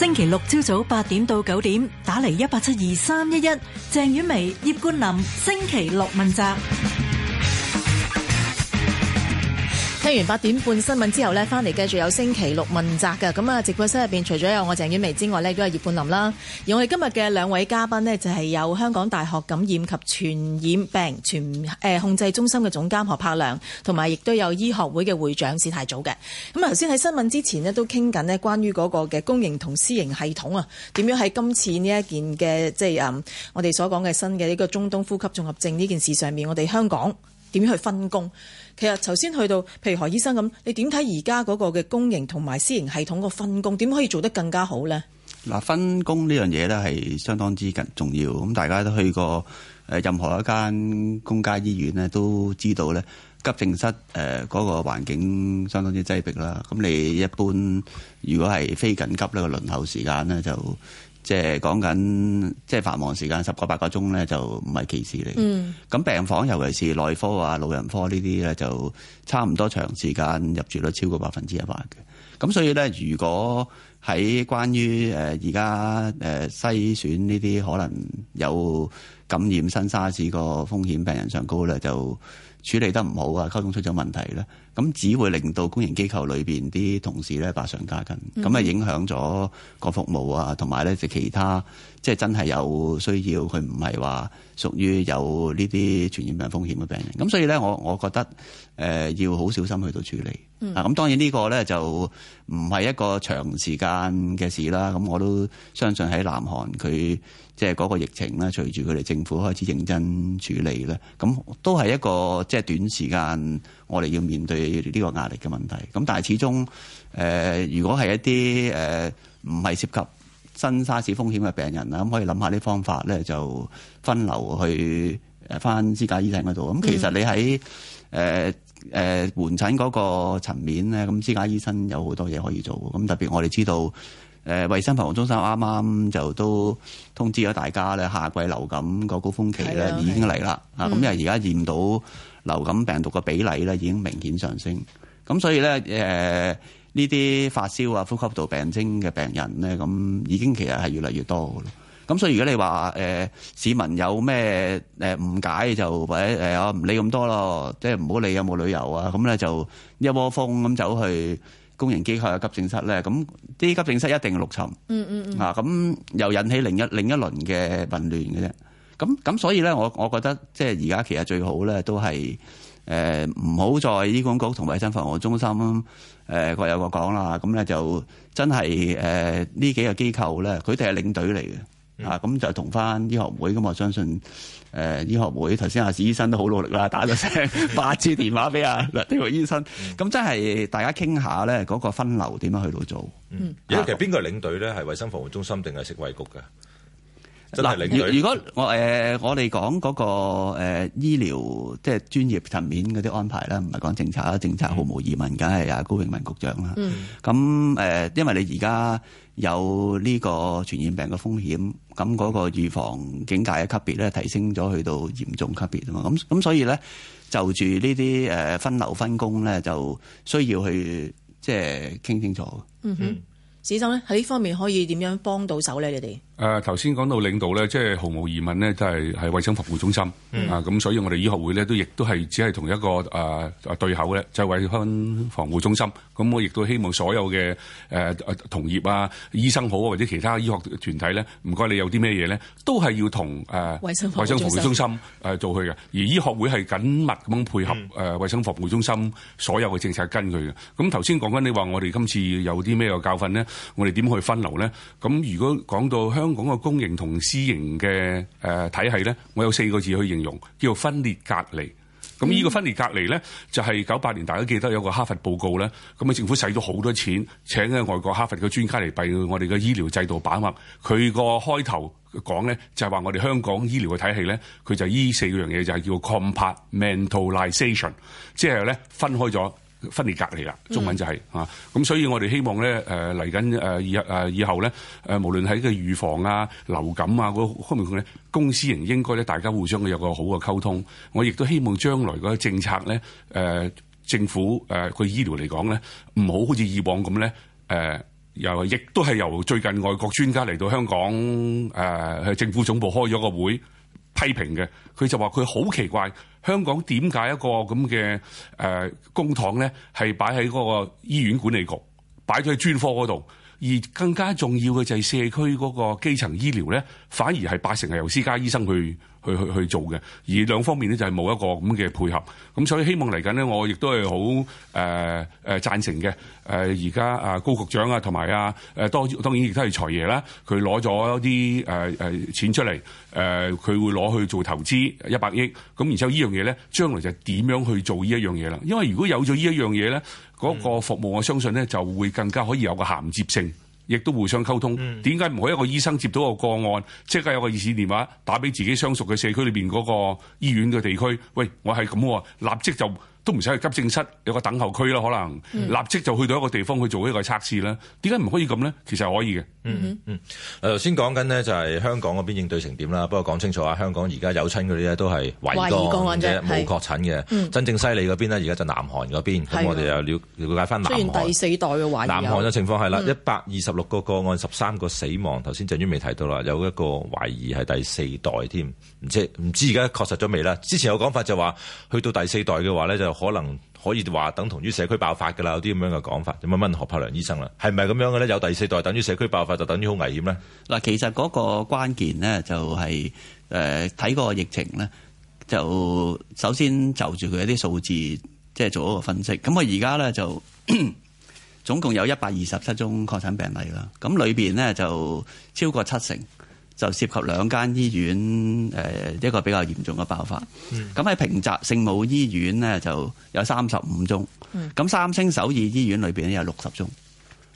星期六朝早八點到九點，打嚟一八七二三一一，鄭婉薇、葉冠霖，星期六問責。聽完八點半新聞之後呢翻嚟，繼續有星期六問責㗎。咁啊，直播室入邊除咗有我鄭婉薇之外呢，都係葉冠霖啦。而我哋今日嘅兩位嘉賓呢，就係、是、有香港大學感染及傳染病傳誒、呃、控制中心嘅總監何柏良，同埋亦都有醫學會嘅會長史泰祖嘅。咁啊，頭先喺新聞之前呢，都傾緊呢，關於嗰個嘅公營同私營系統啊，點樣喺今次呢一件嘅即係、呃、我哋所講嘅新嘅呢個中東呼吸綜合症呢件事上面，我哋香港點樣去分工？其實頭先去到，譬如何醫生咁，你點睇而家嗰個嘅公營同埋私營系統個分工，點可以做得更加好咧？
嗱，分工呢樣嘢咧係相當之緊重要。咁大家都去過誒任何一間公家醫院咧，都知道咧急症室誒嗰個環境相當之擠迫啦。咁你一般如果係非緊急呢個輪候時間咧就，即係講緊，即係繁忙時間十個八個鐘咧，就唔係奇事嚟。嗯。咁病房尤其是內科啊、老人科呢啲咧，就差唔多長時間入住率超過百分之一百嘅。咁所以咧，如果喺關於誒而家誒篩選呢啲可能有感染新沙士個風險病人上高咧，就處理得唔好啊，溝通出咗問題咧。咁只會令到公營機構裏面啲同事咧百上加斤，咁啊影響咗個服務啊，同埋咧就其他即係真係有需要，佢唔係話屬於有呢啲傳染病風險嘅病人。咁、嗯、所以咧，我我覺得誒要好小心去到處理。嗯，咁當然呢個咧就唔係一個長時間嘅事啦。咁我都相信喺南韓佢。即係嗰個疫情咧，隨住佢哋政府開始認真處理咧，咁都係一個即係短時間我哋要面對呢個壓力嘅問題。咁但係始終、呃、如果係一啲誒唔係涉及新沙士風險嘅病人啊，咁可以諗下啲方法咧，就分流去誒返私家醫生嗰度。咁其實你喺誒誒門診嗰個層面咧，咁私家醫生有好多嘢可以做。咁特別我哋知道。誒衞生防護中心啱啱就都通知咗大家咧，夏季流感個高峯期咧已經嚟啦。啊，咁因為而家驗到流感病毒嘅比例咧已經明顯上升，咁所以咧誒呢啲發燒啊、呼吸道病徵嘅病人咧，咁已經其實係越嚟越多嘅咯。咁所以如果你話誒市民有咩誒誤解就或者誒我唔理咁多咯，即係唔好理有冇旅遊啊，咁咧就一窩蜂咁走去公營機構嘅急症室咧，咁啲急症室一定六沉，嗯嗯嗯，啊咁又引起另一另一輪嘅混亂嘅啫。咁咁所以咧，我我覺得即係而家其實最好咧，都係誒唔好再醫管局同衞生防護中心誒各有各講啦。咁咧就真係誒呢幾個機構咧，佢哋係領隊嚟嘅，啊咁就同翻醫學會咁我相信。誒、呃、醫學會頭先阿史醫生都好努力啦，打咗聲，八次電話俾阿嗱呢個醫生，咁真係大家傾下咧，嗰個分流點樣去到做？嗯，其實邊個領隊
咧？係衞生防護中心定係食衞局嘅？嗱，如果
我我哋講嗰個醫療即係、就是、專業層面嗰啲安排啦，唔係講政策啦，政策毫無疑問梗係高永文局長啦。咁、嗯、因為你而家有呢個傳染病嘅風險，咁嗰個預防警戒嘅級別咧提升咗去到嚴重級別啊嘛。咁咁所以咧，就住呢啲分流分工咧，
就需要去即係傾清楚。嗯
哼，史生咧喺呢方面可以點樣幫到手咧？你哋？
誒，頭先講到領導咧，即係毫無疑問咧，都係係衛生防護中心、嗯、啊，咁所以我哋醫學會咧都亦都係只係同一個誒誒、呃、對口咧，就係、是、衛生防護中心。咁、嗯、我亦都希望所有嘅誒、呃、同業啊、醫生好啊或者其他醫學團體咧，唔該你有啲咩嘢咧，都係要同誒衛、呃、生防護中心誒、呃、做去嘅。而醫學會係緊密咁配合誒衛、嗯呃、生防護中心所有嘅政策跟佢嘅。咁頭先講緊你話我哋今次有啲咩嘅教訓咧，我哋點去分流咧？咁、啊、如果講到香香港嘅公營同私營嘅、呃、體系咧，我有四個字去形容，叫分裂隔離。咁呢個分裂隔離咧，就係九八年大家記得有個哈佛報告咧。咁啊，政府使咗好多錢請咗外國哈佛嘅專家嚟畀我哋嘅醫療制度把握。佢個開頭講咧，就係、是、話我哋香港醫療嘅體系咧，佢就呢四樣嘢就係叫 compartmentalization 即係咧分開咗。分裂隔離啦，中文就係、是、咁、嗯啊、所以我哋希望咧，誒嚟緊誒以後咧，誒無論喺嘅預防啊、流感啊嗰方面咧，公司仍應該咧，大家互相有個好嘅溝通。我亦都希望將來嗰啲政策咧，誒、呃、政府誒個、呃、醫療嚟講咧，唔好好似以往咁咧，誒、呃、又亦都係由最近外國專家嚟到香港誒、呃、政府總部開咗個會。批評嘅，佢就話佢好奇怪，香港點解一個咁嘅誒公堂咧，係擺喺嗰個醫院管理局，擺咗喺專科嗰度。而更加重要嘅就係社區嗰個基層醫療咧，反而係八成係由私家醫生去去去去做嘅。而兩方面咧就係冇一個咁嘅配合。咁所以希望嚟緊咧，我亦都係好誒誒贊成嘅。誒而家啊高局長啊同埋啊誒，當當然亦都係財爺啦。佢攞咗啲誒誒錢出嚟，誒佢會攞去做投資一百億。咁然之後呢樣嘢咧，將來就點樣去做呢一樣嘢啦？因為如果有咗呢一樣嘢咧。嗰個服務，我相信咧就會更加可以有個銜接性，亦都互相溝通。點解唔可以一個醫生接到個個案，即刻有個熱線電話打俾自己相熟嘅社區裏邊嗰個醫院嘅地區？喂，我係咁喎，立即就。都唔使去急症室，有個等候區啦，可能立即就去到一個地方去做一個測試啦。點解唔可以咁呢？其實可以嘅、嗯。
嗯
嗯嗯。誒，頭先講緊呢，就係香港嗰邊應對成點啦。不過講清楚啊，香港而家有親嗰啲咧都係懷疑個案啫，冇是確診嘅。嗯、真正犀利嗰邊呢，而家就南韓嗰邊。咁的我哋又了解翻南韓。雖然第
四代嘅懷疑。南韓嘅
情況係啦，一百二十六個個案，十三個死亡。頭先鄭端未提到啦，有一個懷疑係第四代添，唔知唔知而家確實咗未啦？之前有講法就話，去到第四代嘅話呢，就。可能可以話等同於社區爆發嘅啦，有啲咁樣嘅講法，就問問何柏良醫生啦，係咪咁樣嘅咧？有第四代等於社區爆發，
就等於好危險咧？嗱，其實嗰個關鍵咧就係誒睇個疫情咧，就首先就住佢一啲數字，即係做一個分析。咁我而家咧就總共有一百二十七宗確診病例啦，咁裏邊咧就超過七成。就涉及兩間醫院、呃，一個比較嚴重嘅爆發。咁喺平澤聖母醫院咧，就有三十五宗。咁、嗯、三星首爾醫院裏面咧有六十宗。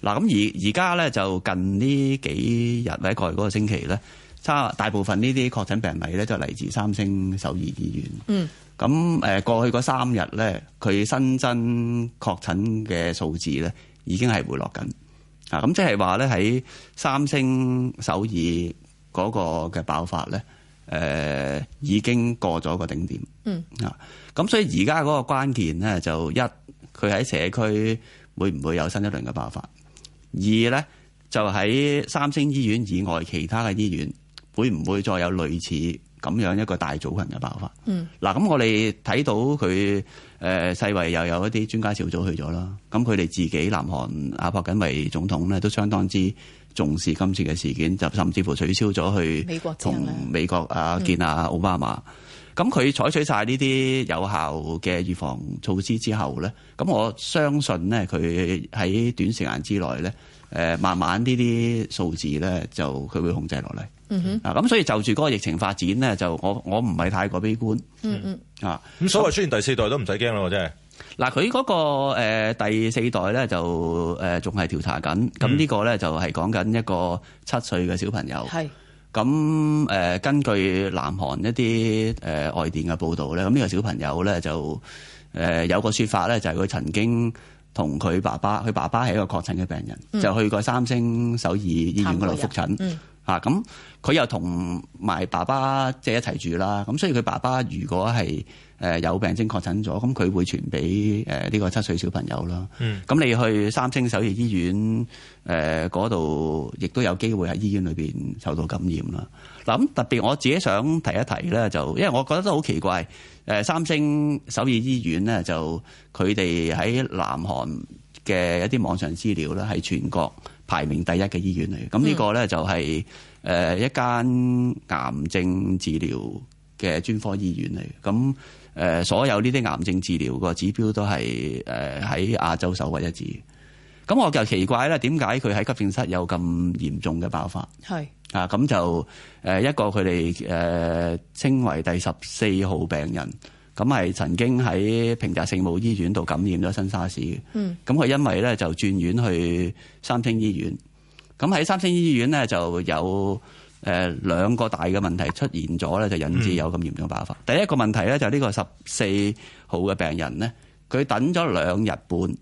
嗱、嗯，咁而而家咧就近呢幾日或者過去嗰個星期咧，差大部分呢啲確診病例咧就嚟自三星首爾醫院。咁誒、嗯、過去嗰三日咧，佢新增確診嘅數字咧已經係回落緊。啊，咁即係話咧喺三星首爾。嗰個嘅爆發咧，誒、呃、已經過咗個頂點。嗯啊，咁所以而家嗰個關鍵咧，就一佢喺社區會唔會有新一輪嘅爆發？二咧就喺三星醫院以外其他嘅醫院會唔會再有類似咁樣一個大組群嘅爆發？嗯，嗱咁、啊、我哋睇到佢誒、呃、世衞又有一啲專家小組去咗啦，咁佢哋自己南韓阿朴槿惠總統咧都相當之，重視今次嘅事件，就甚至乎取消咗去同美國啊見下奧巴馬。咁佢、嗯、採取晒呢啲有效嘅預防措施之後咧，咁我相信咧佢喺短時間之內咧，誒慢慢呢啲數字咧就佢會控制落嚟。啊咁、嗯、哼所以就住嗰個疫情發展咧，就我我唔係太過悲觀。嗯
哼、
嗯，啊咁所謂出現第四代都唔使驚啦，真係。嗱，佢嗰、那個、呃、第四代咧就誒仲係調查緊，咁、嗯、呢個咧就係講緊一個七歲嘅小朋友。係是，咁誒、呃、根據南韓一啲誒、呃、外電嘅報道咧，咁呢個小朋友咧就誒、呃、有個說法咧，就係佢曾經同佢爸爸，佢爸爸係一個確診嘅病人，嗯、就去過三星首爾醫院嗰度覆診。咁佢、啊、又同埋爸爸即係一齊住啦，咁所以佢爸爸如果係誒有病徵確診咗，咁佢會傳俾誒呢個七歲小朋友啦。嗯，咁你去三星首爾醫院誒嗰度，亦、呃、都有機會喺醫院裏面受到感染啦。嗱、啊，咁特別我自己想提一提咧，就因為我覺得都好奇怪，誒三星首爾醫院咧就佢哋喺南韓嘅一啲網上資料咧，喺全國。排名第一嘅醫院嚟嘅，咁呢個咧就係誒一間癌症治療嘅專科醫院嚟嘅，咁誒所有呢啲癌症治療個指標都係誒喺亞洲首屈一指。咁我就奇怪咧，點解佢喺急症室有咁嚴重嘅爆發？係啊，咁就誒一個佢哋誒稱為第十四號病人。咁係曾經喺平澤聖母醫院度感染咗新沙士嘅，咁佢、嗯、因為咧就轉院去三星醫院，咁喺三星醫院咧就有兩個大嘅問題出現咗咧，就引致有咁嚴重嘅爆發。嗯、第一個問題咧就係呢個十四號嘅病人咧，佢等咗兩日半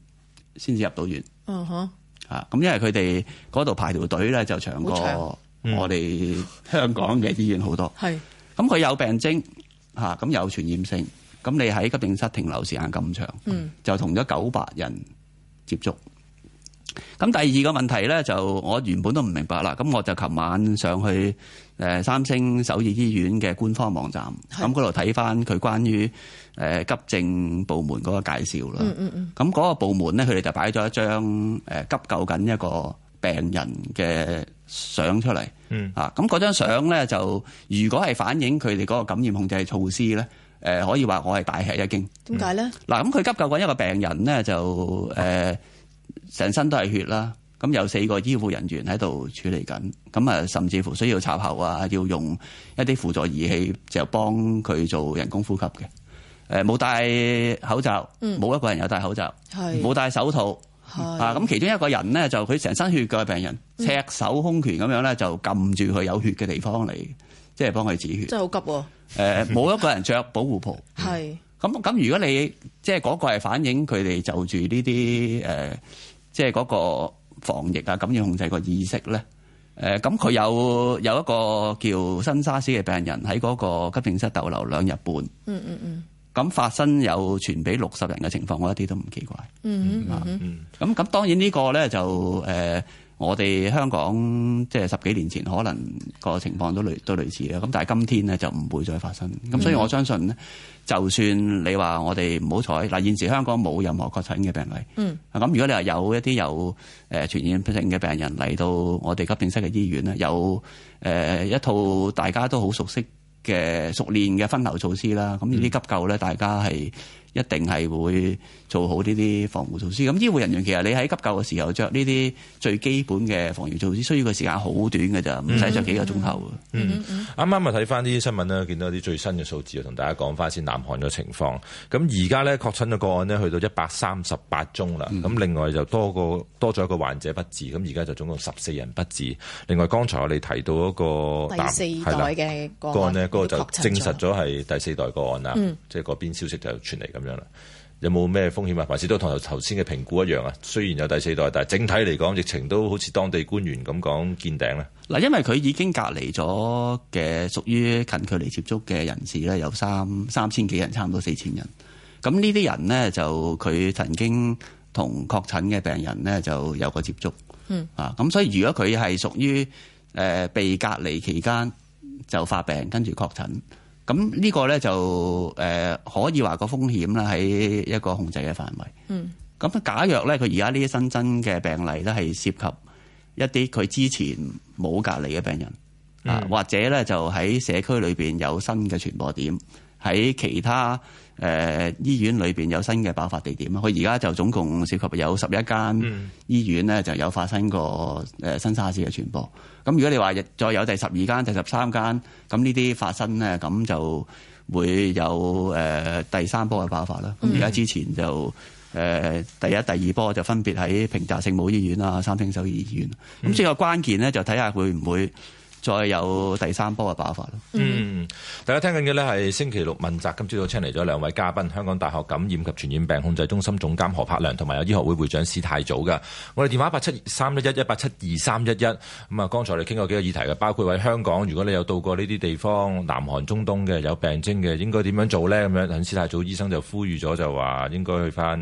先至入到院，啊、嗯，咁因為佢哋嗰度排條隊咧就長過我哋香港嘅醫院好多，咁佢、嗯嗯、有病徵嚇，咁有傳染性。咁你喺急症室停留時間咁長，就同咗九百人接觸。咁第二個問題咧，就我原本都唔明白啦。咁我就琴晚上去誒三星首爾醫院嘅官方網站，咁嗰度睇返佢關於誒急症部門嗰個介紹啦。咁嗰個部門咧，佢哋就擺咗一張誒急救緊一個病人嘅相出嚟。嗯啊，咁嗰張相咧就，如果係反映佢哋嗰個感染控制措施咧。誒，可以話我係大吃一驚，點解咧？嗱，咁佢急救緊一個病人咧，就誒，成、呃、身都係血啦。咁有四個醫護人員喺度處理緊，咁啊，甚至乎需要插喉啊，要用一啲輔助儀器就幫佢做人工呼吸嘅。誒、呃，冇戴口罩，冇、嗯、一個人有戴口罩，冇是戴手套，是啊。咁是其中一個人咧，就佢成身血嘅病人，赤手空拳咁樣咧，就撳住佢有血嘅地方嚟。即係幫佢止血，真係好
急喎、
啊呃！冇一個人著保護袍，係咁咁。如果你即係嗰個係反映佢哋就住呢啲誒，即係嗰個防疫啊、感染控制個意識咧。咁、呃、佢有有一個叫新沙士嘅病人喺嗰個急症室逗留兩日半，嗯嗯
嗯，
咁、嗯嗯、發生有傳俾六十人嘅情況，我一啲都唔奇怪。
嗯嗯嗯，
咁、嗯、咁、啊、當然個呢個咧就、呃我哋香港即係十幾年前可能個情況都類都類都似啦，咁但係今天咧就唔會再發生，咁所以我相信咧，就算你話我哋唔好彩，嗱現時香港冇任何確診嘅病例，嗯，咁如果你話有一啲有誒傳染性嘅病人嚟到我哋急症室嘅醫院咧，有誒一套大家都好熟悉嘅熟練嘅分流措施啦，咁呢啲急救咧大家係。一定係會做好呢啲防護措施。咁醫護人員其實你喺急救嘅時候着呢啲最基本嘅防護措施，需要嘅時間好短嘅咋唔使着幾個鐘頭。
啱啱咪睇翻啲新聞啦，見到啲最新嘅數字，同大家講翻先南韓嘅情況。咁而家呢確診嘅個案呢，去到一百三十八宗啦。咁、嗯、另外就多個多咗一個患者不治，咁而家就總共十四人不治。另外剛才我哋提到一個第四代嘅個,啦個案呢嗰、嗰個就證實咗係第四代個案啦，嗯、即係嗰邊消息就傳嚟咁。有冇咩風險啊？凡事都同頭先嘅評估一樣啊？雖然有第四代，但係整體嚟講，疫情都好似當地官員咁講見
頂咧。嗱，因為佢已經隔離咗嘅屬於近距離接觸嘅人士咧，有三三千幾人，差唔多四千人。咁呢啲人呢，就佢曾經同確診嘅病人呢，就有過接觸。嗯。啊，咁所以如果佢係屬於誒被隔離期間就發病，跟住確診。咁呢個咧，就誒可以話個風險咧喺一個控制嘅範圍。嗯，咁假若咧佢而家呢啲新增嘅病例都係涉及一啲佢之前冇隔離嘅病人啊，嗯、或者咧就喺社區裏面有新嘅傳播點，喺其他誒、呃、醫院裏面有新嘅爆發地點。佢而家就總共涉及有十一間醫院咧就有發生過新沙士嘅傳播。咁如果你話再有第十二間、第十三間咁呢啲發生呢，咁就會有誒、呃、第三波嘅爆發啦。咁而家之前就誒、呃、第一、第二波就分別喺平澤聖母醫院啊、三星首爾醫院。咁呢個關鍵呢，就睇下會唔會再有第三波嘅爆發。嗯，大家聽緊嘅呢係
星期六問責，今朝早請嚟咗兩位嘉賓，香港大學感染及傳染病控制中心總監何栢良，同埋有醫學會會長史泰祖嘅。我哋電話八七三一一八七二三一一。咁啊，11, 剛才你哋傾過幾個議題嘅，包括喺香港，如果你有到過呢啲地方，南韓、中東嘅有病徵嘅，應該點樣做呢？咁樣，史泰祖醫生就呼籲咗就話，應該去翻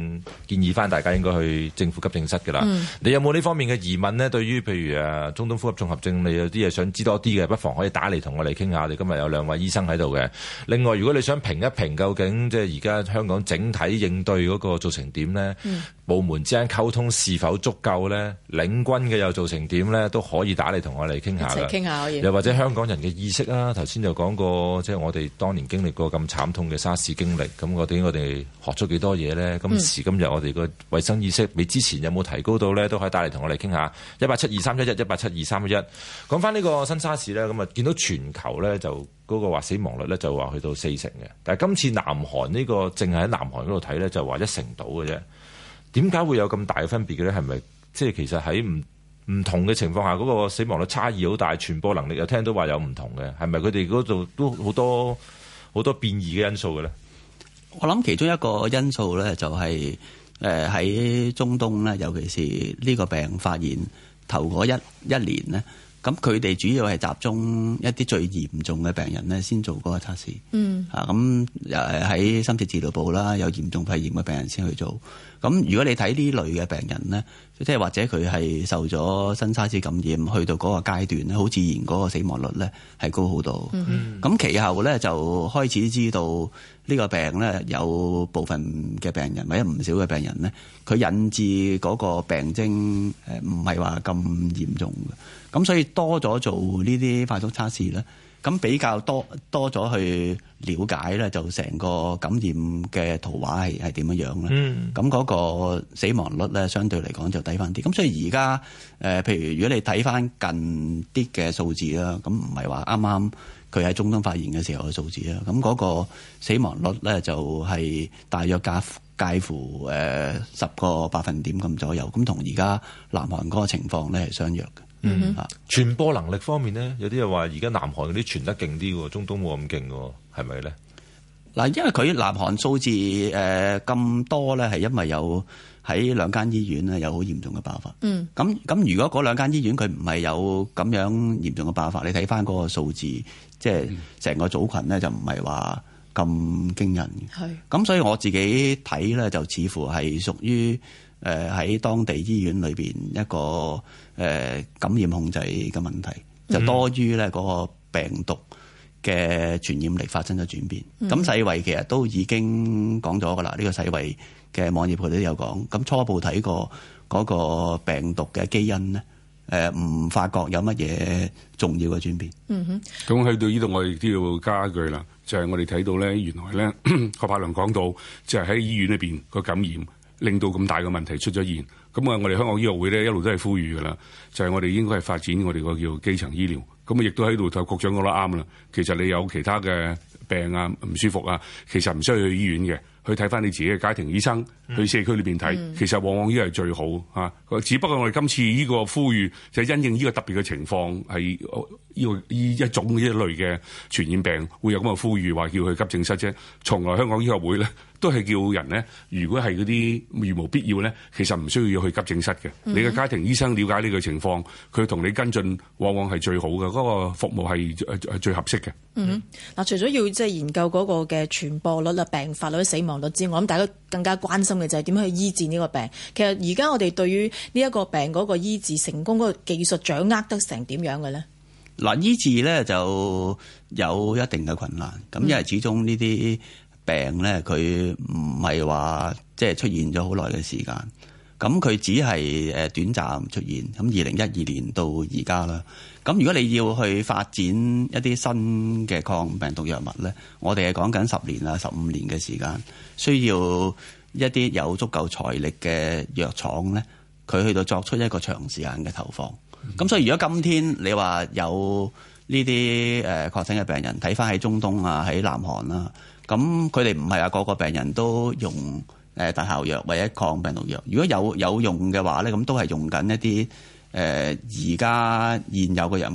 建議翻大家應該去政府急症室嘅啦。嗯、你有冇呢方面嘅疑問呢？對於譬如誒中東呼吸綜合症，你有啲嘢想知道？多啲嘅不妨可以打嚟同我哋傾下，你今日有兩位醫生喺度嘅。另外，如果你想評一評究竟即係而家香港整體應對嗰個做成點咧，嗯、部門之間溝通是否足夠咧，領軍嘅又做成點咧，都可以打嚟同我哋傾下啦。傾下可以。又或者香港人嘅意識啦、啊，頭先就講過，即、就、係、是、我哋當年經歷過咁慘痛嘅沙士經歷，咁我哋我哋學咗幾多嘢咧？今時今日我哋個衛生意識比之前有冇提高到咧？都可以打嚟同我哋傾下。一八七二三一一，一八七二三一一。講翻呢個。新沙士咧，咁啊見到全球咧就嗰個話死亡率咧就話去到四成嘅，但係今次南韓呢，呢個淨係喺南韓嗰度睇咧就話，是，一成到嘅啫。點解會有咁大嘅分別嘅咧？係咪即係其實喺唔唔同嘅情況下，嗰、嗰個死亡率差異好大，傳播能力又聽到話有唔同嘅，係咪佢哋嗰度都好多好多
變異嘅因素嘅咧？我諗其中一個因素咧就係誒喺中東咧，尤其是呢個病發現頭嗰一一年咧。咁佢哋主要係集中一啲最嚴重嘅病人咧，先做嗰個測試。嗯，咁喺深切治療部啦，有嚴重肺炎嘅病人先去做。咁如果你睇呢類嘅病人咧，即係或者佢係受咗新沙士感染，去到嗰個階段咧，好自然嗰個死亡率咧係高好多。咁、嗯、其後咧就開始知道呢個病咧，有部分嘅病人或者唔少嘅病人咧，佢引致嗰個病徵誒，唔係話咁嚴重嘅。咁所以多咗做呢啲快速測試咧，咁比較多多咗去了解咧，就成個感染嘅圖畫係係點樣樣咧。咁嗰、mm. 個死亡率咧，相對嚟講就低翻啲。咁所以而家誒譬如如果你睇翻近啲嘅數字啦，咁唔係話啱啱佢喺中東發現嘅時候嘅數字啦，咁嗰個死亡率咧就係、是、大約介介乎誒十、呃、個百分點咁左右。咁同而家南韓嗰個情況咧係相若嘅。嗯，mm hmm. 傳
播能力方面咧，有啲又話而家南韓嗰啲傳得勁啲喎，中東冇咁勁喎，係咪咧？
嗱，因為佢南韓數字誒咁、呃、多咧，係因為有喺兩間醫院咧有好嚴重嘅爆發。嗯、mm，咁、hmm. 咁如果嗰兩間醫院佢唔係有咁樣嚴重嘅爆發，你睇翻嗰個數字，即係成個組群咧就唔係話咁驚人嘅。咁、mm hmm. 所以我自己睇咧就似乎係屬於。誒，喺當地醫院裏邊一個誒、呃、感染控制嘅問題，嗯、就多於咧嗰個病毒嘅傳染力發生咗轉變。咁、嗯、世衞其實都已經講咗噶啦，呢、這個世衞嘅網頁佢都有講。咁初步睇過嗰個病毒嘅基因咧，誒、呃、唔發覺有乜嘢
重要嘅轉變。嗯哼，咁去到呢度我哋都要加句啦，就係、是、我哋睇到咧，原來咧何栢良講到就係、是、喺醫院裏邊個感染。令到咁大嘅問題出咗現，咁啊，我哋香港醫學會咧一路都係呼籲噶啦，就係、是、我哋應該係發展我哋個叫基層醫療，咁啊，亦都喺度同局長講得啱啦。其實你有其他嘅病啊、唔舒服啊，其實唔需要去醫院嘅，去睇翻你自己嘅家庭醫生，去社區裏邊睇，其實往往呢個係最好啊。只不過我哋今次呢個呼籲就係、是、因應呢個特別嘅情況，係呢個呢一種一類嘅傳染病會有咁嘅呼籲話叫去急症室啫。從來香港醫學會咧。都係叫人咧，如果係嗰啲如無必要咧，其實唔需要要去急症室嘅。你嘅家庭醫生了解呢個情況，佢同你跟進往往係最好嘅，嗰個服務係最合適嘅。嗯，
嗱，除咗要即係研究嗰個嘅傳播率啦、病發率、死亡率之外，我諗大家都更加關心嘅就係點樣去醫治呢個病。其實而家我哋對於呢一個病嗰個醫治成功嗰個技術掌握得成點樣嘅咧？
嗱，醫治咧就有一定嘅困難，咁因為始終呢啲。嗯病咧，佢唔係話即係出現咗好耐嘅時間，咁佢只係誒短暫出現。咁二零一二年到而家啦，咁如果你要去發展一啲新嘅抗病毒藥物咧，我哋係講緊十年啊、十五年嘅時間，需要一啲有足夠財力嘅藥廠咧，佢去到作出一個長時間嘅投放。咁、嗯、所以如果今天你話有呢啲誒確診嘅病人，睇翻喺中東啊，喺南韓啦、啊。咁佢哋唔係啊，個個病人都用誒特效藥或者抗病毒藥。如果有有用嘅話咧，咁都係用緊一啲誒而家現有嘅藥物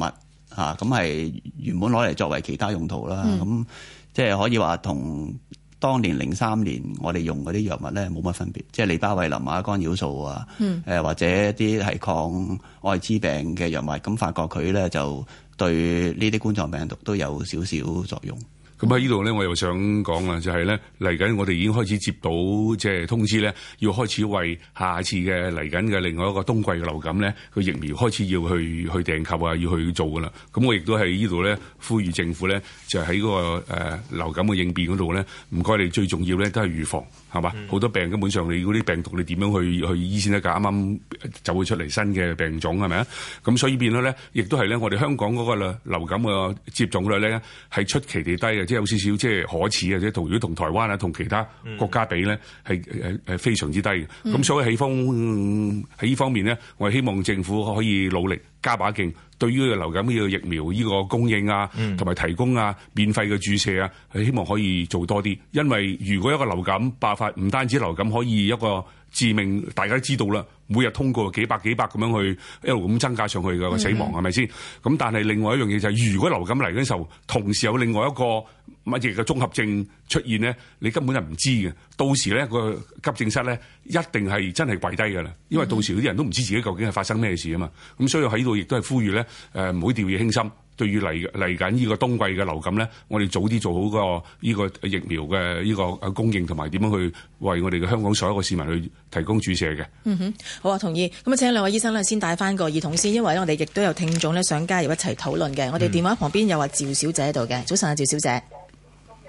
吓，咁、啊、係原本攞嚟作為其他用途啦。咁、嗯、即係可以話同當年零三年我哋用嗰啲藥物咧冇乜分別，即係利巴韋林啊、干擾素啊，誒、嗯、或者一啲係抗艾滋病嘅藥物。咁、嗯、發覺佢咧就對呢啲冠狀病毒都有少少作
用。咁喺呢度咧，我又想講喇，就係咧嚟緊，我哋已經開始接到即係、就是、通知咧，要開始為下次嘅嚟緊嘅另外一個冬季嘅流感咧個疫苗開始要去去訂購啊，要去做噶啦。咁我亦都喺呢度咧，呼籲政府咧就喺、是、嗰、那個、呃、流感嘅應變嗰度咧，唔該你最重要咧都係預防。係嘛？好、嗯、多病根本上你嗰啲病毒，你點樣去去醫先得㗎？啱啱就會出嚟新嘅病種係咪啊？咁所以變咗咧，亦都係咧，我哋香港嗰個流感嘅接種率咧係出奇地低嘅，即係有少少即係可恥嘅，即係同如果同台灣啊、同其他國家比咧，係係非常之低嘅。咁、嗯、所以喺方喺呢方面咧，我係希望政府可以努力。加把勁，對於個流感呢個疫苗呢個供應啊，同埋提供啊，免費嘅注射啊，希望可以做多啲。因為如果一個流感爆發，唔單止流感可以一個致命，大家都知道啦。每日通過幾百幾百咁樣去一路咁增加上去嘅死亡係咪先？咁、mm hmm. 但係另外一樣嘢就係、是，如果流感嚟緊時候，同時有另外一個。乜嘢嘅綜合症出現呢，你根本就唔知嘅。到時咧個急症室咧一定係真係跪低㗎啦，因為到時啲人都唔知自己究竟係發生咩事啊嘛。咁所以喺度亦都係呼籲咧，誒唔好掉以輕心。對於嚟嚟緊呢個冬季嘅流感咧，我哋早啲做好個呢個疫苗嘅呢個供應同埋點樣去為我哋嘅香港所有嘅市民去提供注射嘅。嗯
哼，好啊，同意。咁啊，請兩位醫生咧先帶翻個兒童先，因為我哋亦都有聽眾咧想加入一齊討論嘅。我哋電話旁邊有話趙小姐喺度嘅，早晨啊，趙小姐。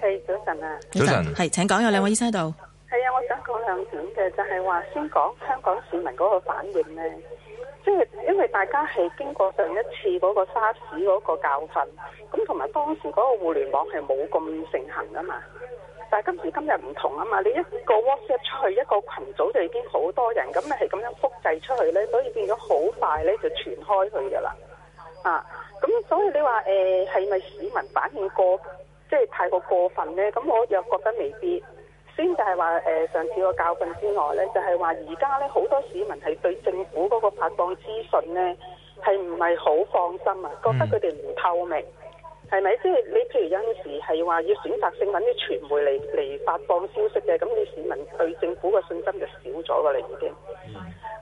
係、hey, 早晨啊！早晨，係
請講，有兩位醫生喺度。
係啊，我想講兩點嘅，就係、是、話先講香港市民嗰個反應咧。即、就、係、是、因為大家係經過上一次嗰個沙士嗰個教訓，咁同埋當時嗰個互聯網係冇咁盛行啊嘛。但係今時今日唔同啊嘛，你一個 WhatsApp 出去一個群組就已經好多人，咁你係咁樣複製出去咧，啊，所以變咗好快咧就傳開去噶啦。啊、呃，咁所以你話誒係咪市民反應過？即係太過過分呢？咁我又覺得未必。先就係話誒上次個教訓之外呢，就係話而家呢，好多市民係對政府嗰個發放資訊呢，係唔係好放心啊？覺得佢哋唔透明，係咪、嗯？即係你譬如有陣時係話要選擇性揾啲傳媒嚟嚟發放消息嘅，咁啲市民對政府嘅信心就少咗㗎啦。已經。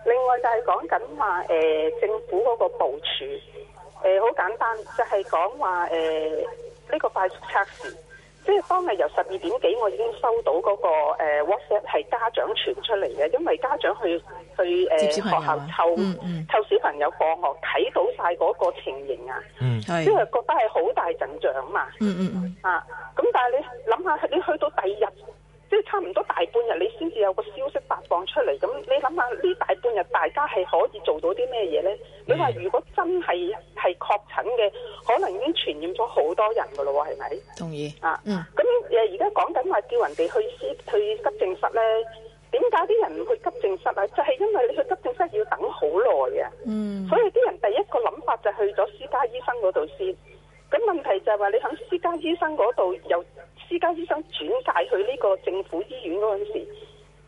另外就係講緊話誒政府嗰個部署誒好、呃、簡單，就係講話誒。呃呢個快速測試，即係當係由十二點幾，我已經收到嗰、那個、呃、WhatsApp 係家長傳出嚟嘅，因為家長去去誒、呃啊、學校湊、嗯嗯、湊小朋友放學，睇到晒嗰個情形啊，嗯、即係覺得係好大陣仗嘛。
嗯
嗯，嗯嗯啊，咁但係你諗下，你去到第二日。即係差唔多大半日，你先至有個消息發放出嚟。咁你諗下呢大半日，大家係可以做到啲咩嘢呢？嗯、你話如果真係係確診嘅，可能已經傳染咗好多人噶咯喎，係咪？同意。啊，咁而家講緊話叫人哋去私去急症室呢，點解啲人唔去急症室啊？就係、係、因為你去急症室要等好耐嘅。嗯。所以啲人第一個諗法就係去咗私家醫生嗰度先。咁問題就係話你喺私家醫生嗰度又。私家醫生轉介去呢個政府醫院嗰陣時，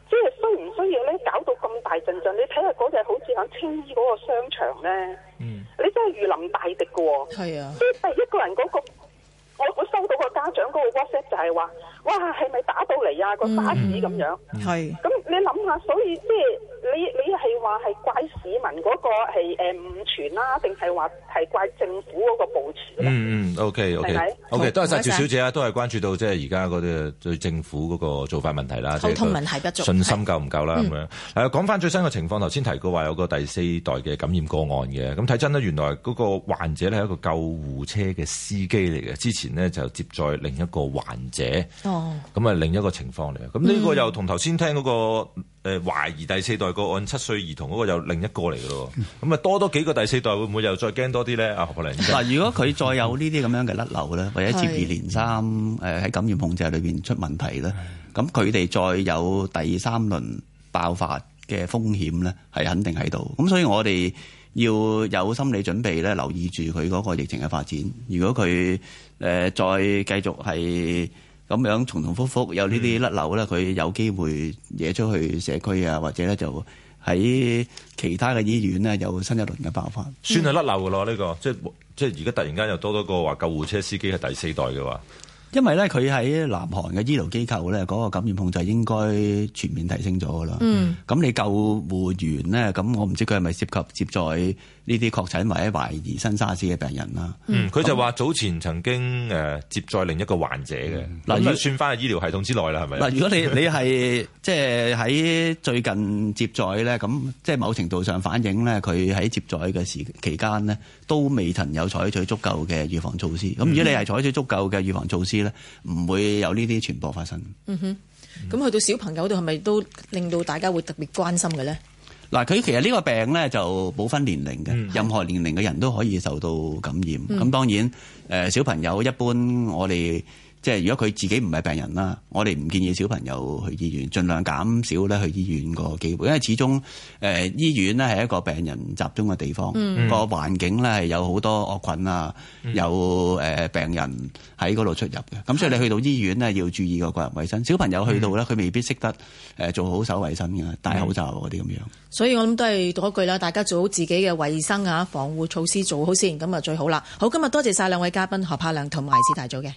即係需唔需要咧搞到咁大陣仗？你睇下嗰隻好似喺青衣嗰個商場咧，嗯、你真係如臨大敵嘅喎。係啊，即係一個人嗰、嗰個，我我收到個家長嗰個 WhatsApp 就係話，哇，係咪打到嚟啊？個沙士咁樣。係、嗯。咁你諗下，所以即係。你你係話係怪
市
民嗰個係誒誤傳啦，定係話係怪政府嗰個部署？嗯嗯，OK OK，OK，多謝趙小姐啊，都係關注到即係而家嗰啲對政府嗰個做法問題啦。溝通問題不足，不信心夠唔夠啦咁是樣。係、嗯啊、講翻最新嘅情況，頭先提過話有個第四代嘅感染個案嘅，咁睇真呢，原來嗰個患者咧係一個救護車嘅司機嚟嘅，之前呢，就接載另一個患者。哦，咁啊另一個情況嚟嘅，咁呢個又同頭先聽嗰、嗰個。嗯誒，懷疑第四代個案七歲兒童嗰個又另一個嚟嘅咯，咁啊多多幾個第四代會唔會又再驚多啲咧？啊，何栢良，嗱，
如果佢再有呢啲咁樣嘅甩漏咧，或者接二連三誒喺感染控制裏邊出問題咧，咁佢哋再有第三輪爆發嘅風險咧，係肯定喺度。咁所以我哋要有心理準備咧，留意住佢嗰個疫情嘅發展。如果佢誒再繼續係。咁樣重重複複有呢啲甩漏咧，佢、嗯、有機會惹出去社區啊，或者咧就喺其他嘅醫院咧有新一輪嘅爆發，
算係甩漏嘅咯。呢、呢個即即係而家突然間又多咗個話救護車司機係第四代嘅話。
因為咧，佢喺南韓嘅醫療機構咧，嗰個感染控制應該全面提升咗噶啦。咁、嗯、你救護員咧，咁我唔知佢係咪涉及接載呢啲確診或者懷疑新沙士嘅病人啦。
佢、嗯、就話早前曾經接載另一個患者嘅。嗱、嗯，如果算翻去醫療系統之內啦，係咪？嗱，如果你你係
即係喺最近接載咧，咁即係某程度上反映咧，佢喺接載嘅時期間咧，都未曾有採取足夠嘅預防措施。咁、嗯、如果你係採取足夠嘅預防措施，唔會有呢啲傳播發生。嗯
哼，咁去到小朋友度係咪都令到大家會特別關心嘅咧？
嗱，佢其實呢個病咧就冇分年齡嘅，任何年齡嘅人都可以受到感染。咁的當然，誒小朋友一般我哋。即係如果佢自己唔係病人啦，我哋唔建議小朋友去醫院，盡量減少咧去醫院個機會，因為始終誒、呃、醫院呢係一個病人集中嘅地方，嗯、個環境呢係有好多惡菌啊，嗯、有、呃、病人喺嗰度出入嘅。咁所以你去到醫院呢，要注意個個人衛生，小朋友去到呢，佢、嗯、未必識得做好手衛生嘅，戴口罩嗰啲咁樣。
所以我諗都係嗰句啦，大家做好自己嘅衛生啊，防護措施做好先咁啊，就最好啦。好，今日多謝晒兩位嘉賓何栢良同埋史泰祖嘅。